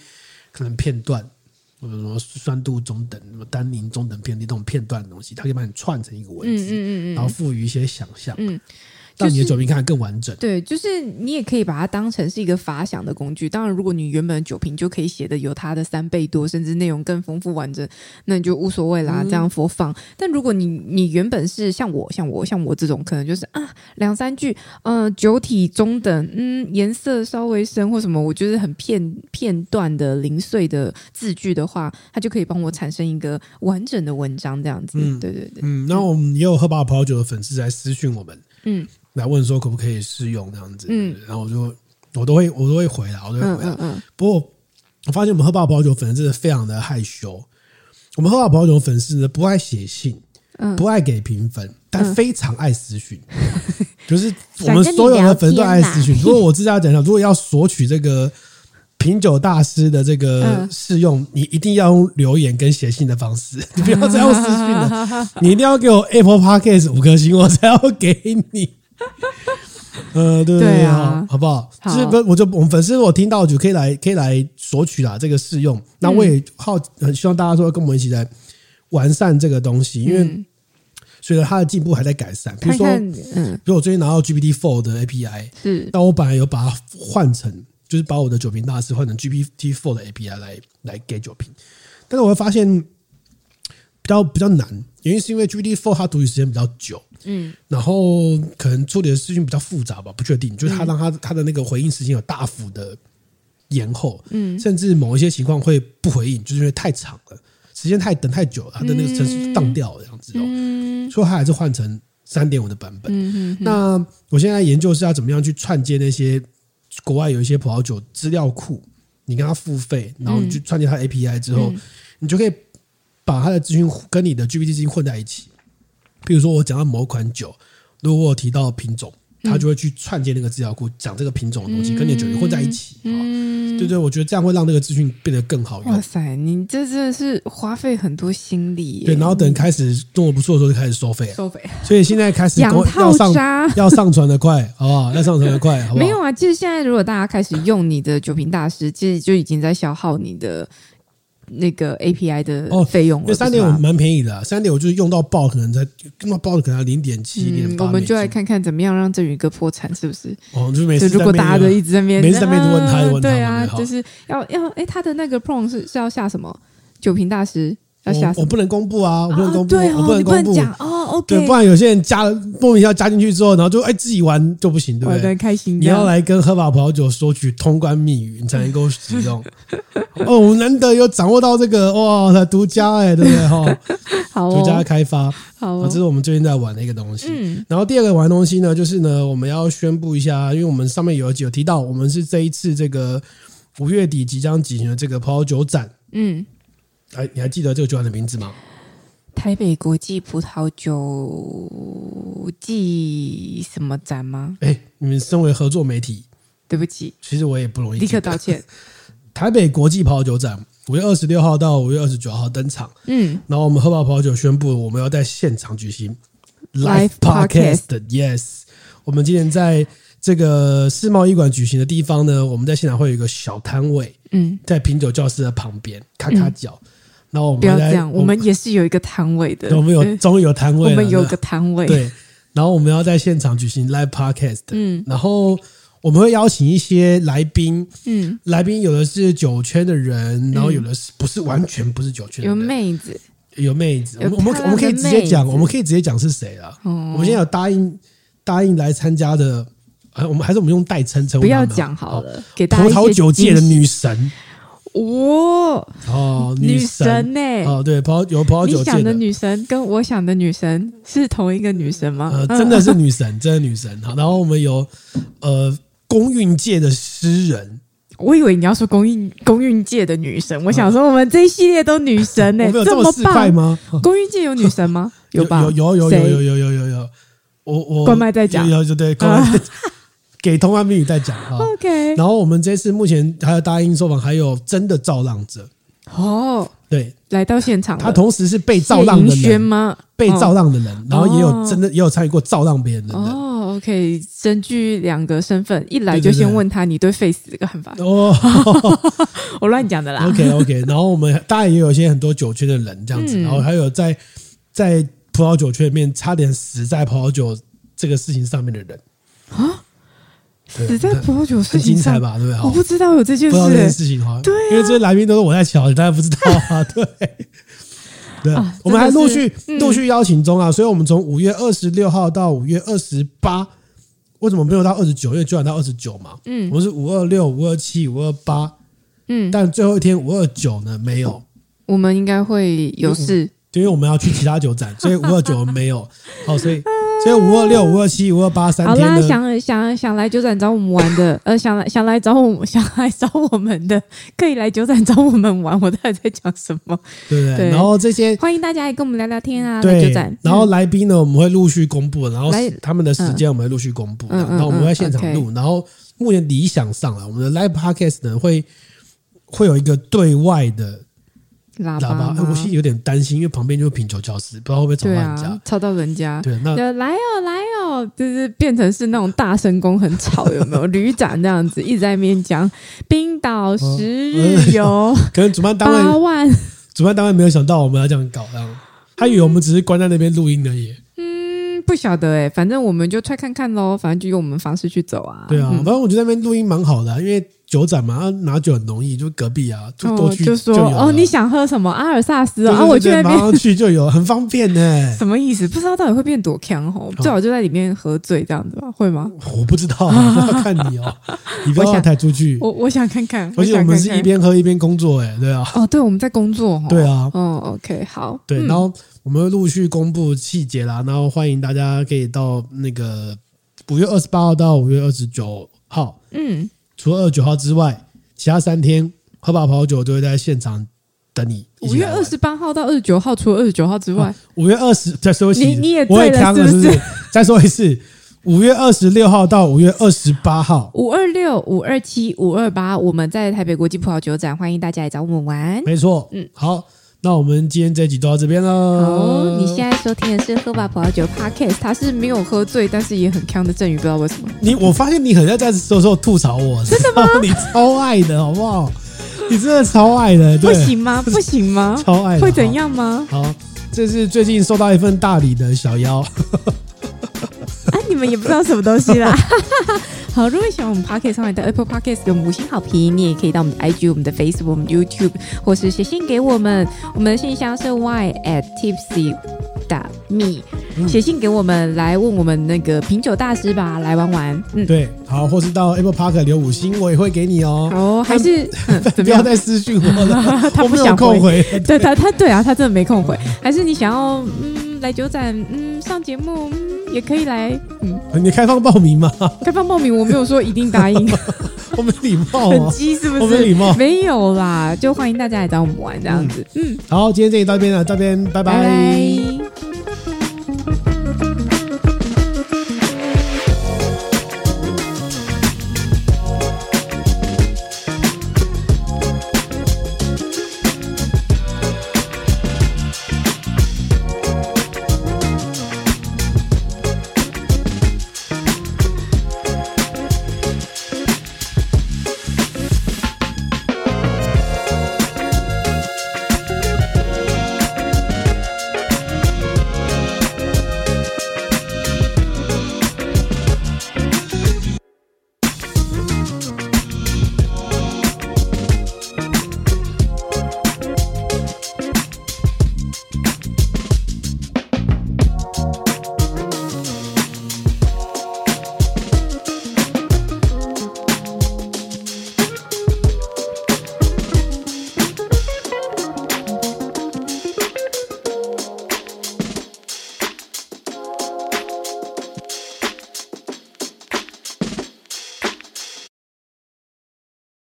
Speaker 1: 可能片段，或者說酸度中等，什麼單寧中等偏低這種片段的東西，他可以把你串成一個文字，然後賦予一些想象、嗯。嗯嗯嗯讓你的酒評看更完整，就
Speaker 2: 是。對，就是你也可以把它當成是一個發想的工具。當然，如果你原本的酒評就可以寫的有它的三倍多，甚至內容更豐富完整，那你就無所謂啦，這樣佛放。嗯、但如果你你原本是像我像我像我這種，可能就是啊兩三句，嗯、呃、酒體中等，嗯顏色稍微深或什麼，我就是很片片段的零碎的字句的話，它就可以幫我產生一個完整的文章這樣子。嗯，對對對。嗯，
Speaker 1: 嗯，那、嗯嗯嗯嗯、我們也有喝吧葡萄酒的粉絲來私訊我們。嗯。來問說可不可以試用這樣子，嗯、對對，然後我就我都會我都會回來，我都會回來。嗯嗯、不過我發現我們喝吧葡萄酒粉絲真的非常的害羞，我們喝吧葡萄酒粉絲呢，不愛寫信、嗯，不愛給評分，但非常愛私訊、嗯，就是我們所有的粉絲都愛私訊。如果我自己要講一下，如果要索取這個品酒大師的這個試用，嗯、你一定要用留言跟寫信的方式，嗯、你不要再用私信了、嗯。你一定要給我 Apple Podcast 五顆星，我才要給你。 [LAUGHS] 呃對對對、啊，對啊，好不好？好就是不我就，就我們粉絲，如果聽到就可以來，可以來索取啦，這個試用。那我也好，很希望大家說跟我們一起來完善這個東西，嗯、因為隨着他的進步還在改善。比如說，看看嗯，比如我最近拿到 GPT Four 的 API，嗯，但我本來有把它換成，就是把我的酒評大師換成 GPT Four 的 API 來來給酒評，但是我會發現比較比較難。原因是因為 G D Four 它讀取時間比較久，嗯，然後可能處理的事情比較複雜吧，不確定。就是它讓它、嗯、它的那個回應時間有大幅的延後，嗯，甚至某一些情況會不回應，就是因為太長了，時間太等太久了，它的那個程序就蕩掉了這樣子哦、喔嗯嗯，所以它還是換成三點五的版本。嗯哼哼那我現在研究是要怎麼樣去串接那些國外有一些葡萄酒資料庫，你跟他付費，然後你去串接它 A P I 之後、嗯嗯，你就可以。把他的資訊跟你的 GPT 資訊混在一起，比如說我講到某款酒，如果我提到品種，他就會去串接那個資料庫，講這個品種的東西，跟你的酒混在一起啊。
Speaker 2: 嗯嗯、對，對
Speaker 1: 對，我覺得這樣會讓那個資訊變得更好
Speaker 2: 用。哇塞，你這真的是花費很多心力。對，然後等開
Speaker 1: 始動作不錯的時候就開始收費，收費。所以現在開始要上要上傳的快，好，好 [LAUGHS] 要上傳的快，好不好？沒有
Speaker 2: 啊，其實現在如果大家開始用你的評酒大師，其實就已經在消耗你的。那個 API 的費用、哦，就三點五
Speaker 1: 蠻便宜的，三點五就是用到爆，可能才用到爆可能要零點七零點八。我們就
Speaker 2: 來看看怎麼樣讓鎮宇哥破產是不是？哦，就每次就如果大家都一直在變，一、啊、直在變，都問他，啊問他對啊，就是要要誒，他的那個 prompt 是是要下什麼？評酒大師。我我不能公布啊，啊！我不能公布。啊、哦，我不，能公不能講布。對、哦 okay，不然有些
Speaker 1: 人加莫名其妙加進去之後，然後就、哎、自己玩就不行，對不對？對，開心你要來跟喝吧葡萄酒索取通關密語，你才能夠使用。 [LAUGHS] 哦，我們難得有掌握到這個哇，它獨家哎、欸，對不對？哈 [LAUGHS] 、
Speaker 2: 哦，獨家開發。好、哦，這是
Speaker 1: 我們最近在玩的一個
Speaker 2: 東西、嗯。
Speaker 1: 然後第二個玩的東西呢，就是呢，我們要宣布一下，因為我們上面有有提到，我們是這一次這個五月底即將舉行的這個葡萄酒展。嗯。你還記得這個酒展的名字嗎？
Speaker 2: 台北國際葡萄酒暨什麼展嗎？哎、
Speaker 1: 欸，你們身為合作媒體，對不起，其實我也不容易記得。立刻
Speaker 2: 道歉。
Speaker 1: [LAUGHS] 台北國際葡萄酒展五月二十六號到五月二十九號登場。嗯，然後我們喝吧！葡萄酒宣布，我們要在現場舉行 Live Podcast, Live Podcast Yes。我們今天在這個世貿一館舉行的地方呢，我們在現場會有一個小攤位，嗯，在品酒教室的旁邊，咔咔角。嗯那我們不要這樣我，我們也
Speaker 2: 是有一個攤位的。我們有終於有攤位了、嗯。我們有一個攤位，對。
Speaker 1: 然後我們要在現場舉行 Live Podcast，嗯。然後我們會邀請一些來賓，嗯，來賓有的是酒圈的人，然後有的是、嗯、不是完全不是酒圈的人、嗯，有妹子，有妹子。妹子妹子，我們我們可以直接講，我們可以直接講是誰了、哦。我們現在有答應答應來參加的，我們還是我們用代稱稱。不要
Speaker 2: 講好了，好給葡萄酒界的女神。哦，哦，女神呢、欸？哦，
Speaker 1: 對，葡萄，有葡萄酒。你想的
Speaker 2: 女神，跟我想的女神是同一個女神嗎？呃、真的是女
Speaker 1: 神， [LAUGHS] 真的女神。然後我們有
Speaker 2: 呃，公運界的詩人。我以為你要說公運公運界的女神、啊，我想說我們這一系列都女神呢、欸， [LAUGHS] 這麼失敗嗎？公運界有女神嗎？ [LAUGHS] 有吧？有有有有有有有有有，我我關麥再講，有就對，關麥再講。啊
Speaker 1: 給同花明宇在講哈，OK。然後我們這次目前還有大英收藏，還有真的造浪者，
Speaker 2: 哦，對，來到現場，他同時是被造浪的人，哦、被造浪的人，然後也有真
Speaker 1: 的，哦、也有參與過造浪別人
Speaker 2: 的人，哦，哦，OK。根據兩個身份，一來就先問他，你對 Face 這個看法？哦， [LAUGHS] 我亂講的啦。OK OK。
Speaker 1: 然後我們當然也有一些很多酒圈的人這樣子、嗯，然後還有在在葡萄酒圈裡面差點死在葡萄酒這個事情上面的人
Speaker 2: 啊。哦對死在葡萄酒事情上吧，對不對？我不知道有這件事、欸。不知道這件事情哈，對、啊，因
Speaker 1: 為這些來賓都是我在喬，大 [LAUGHS] 家不知道啊，對。對啊對，我們還陸續、嗯、陸續邀請中啊，所以我們從五月二十六號到五月二十八，為什麼沒有到二十九？因為居然到二十九嘛，嗯，我們是五二六、五二七、五二八，嗯，但最後一天五二九呢沒有、
Speaker 2: 哦。我們應該會有事，因
Speaker 1: 為，就因為我們要去其他酒展， [LAUGHS] 所以五二九沒有。好，所以。所以五二六、五二七、五二八三天啦，想
Speaker 2: 想想來酒展找我們玩的， [LAUGHS] 呃，想想來找我們、想來找我們的，可以來酒展找我們玩。我到底在講什麼？對對，對，對？然後這些歡迎大家來跟我們聊聊天啊。對，酒展。然後
Speaker 1: 來賓呢、嗯，我們會陸續公布。然後他們的時間我們會陸續公布、嗯。然後我們會在現場錄、嗯 okay。然後目前理想上啊，我們的 Live Podcast 呢會會有一個對外的。
Speaker 2: 喇叭，喇叭，我是有
Speaker 1: 點擔心，因為旁邊就是品酒教室，不知道會不會吵到人家，
Speaker 2: 吵、啊、到人家。對，那就來哦，來哦，就是變成是那種大聲公很吵，有沒有？ [LAUGHS] 旅展這樣子一直在那邊講冰島十日
Speaker 1: 遊， [LAUGHS] 可能主辦單位、主辦單位沒有想到我們要這樣搞，樣他以為我們只是關在那邊錄音而已。
Speaker 2: 不曉得哎、欸，反正我們就 try 看看咯，反正就用我們方式去走啊。
Speaker 1: 對啊，嗯、反正我覺得那邊錄音蠻好的、啊，因為酒展嘛、啊，拿酒很容易，就隔壁啊，
Speaker 2: 就多去就，哦就說哦，你想喝什麼阿爾薩斯啊、哦哦？我這邊拿上去
Speaker 1: 就有，很方便呢、欸。什
Speaker 2: 麼意思？不知道到底會變多強哦，最好就在裡面喝醉這樣子吧，會嗎、哦？我不知道、啊，啊、哈哈看
Speaker 1: 你哦， [LAUGHS] 你不要抬出去，我
Speaker 2: 想我，我想看看。而且我們是一
Speaker 1: 邊喝一邊工作、欸，哎，對啊。哦，
Speaker 2: 對，我們在工作齁，對啊。哦，OK，好，對，嗯、然後。
Speaker 1: 我們會陸續公布細節啦，然後歡迎大家可以到那個五月二十八號到五月二十九號，嗯，除了二十九號之外，其他三天喝吧！葡萄酒都會在現場等你。
Speaker 2: 五月二十八號到二十九號，除了二十九號之外，
Speaker 1: 五、啊、月二十再說起你，你也對了，是不是？是不是 [LAUGHS] 再說一次，五月二十六號到五月二十八號，
Speaker 2: 五二六、五二七、五二八，我們在台北國際葡萄酒展，歡迎大家來找我們玩。沒錯，嗯，
Speaker 1: 好。那我們今天這一集就到這邊了。好，你現
Speaker 2: 在收聽的是《喝吧葡萄酒》Podcast，他是沒有喝醉，但是也很強的鎮宇。不知道為什麼你，
Speaker 1: 我發現你很像在說說吐槽我，真的嗎？你超愛的好不好？你真的超愛的，不行
Speaker 2: 嗎？不行嗎？超愛，會怎樣嗎？好，這是最近收
Speaker 1: 到一份大禮的小妖，
Speaker 2: 哎，你們也不知道什麼東西啦。好，如果喜歡我們 Podcast 上面的 Apple Podcast 有五星好評，你也可以到我們的 IG、我們的 Facebook、我們 YouTube，或是寫信給我們。我們的信箱是 wine at tipsywith.me，寫、嗯、信給我們來問我們那個品酒大師吧，來玩玩。嗯，
Speaker 1: 對，好，或是到 Apple Podcast 留五星，我也會給你哦。哦，還是、嗯、 [LAUGHS] 不要再私信我了， [LAUGHS] 他不想回。空回，對，對，
Speaker 2: 他他對啊，他真的沒空回。嗯、還是你想要嗯？來酒展，嗯，上節目、嗯、也可以來，嗯，你開放報名嗎？開放報名，我沒有說一定答應， [LAUGHS] 我沒禮貌、啊， [LAUGHS] 很急是不是？我沒禮貌，沒有啦，就歡迎大家來找我們玩這樣子，嗯，嗯好，今天這裡到這邊了，這邊拜拜。拜拜。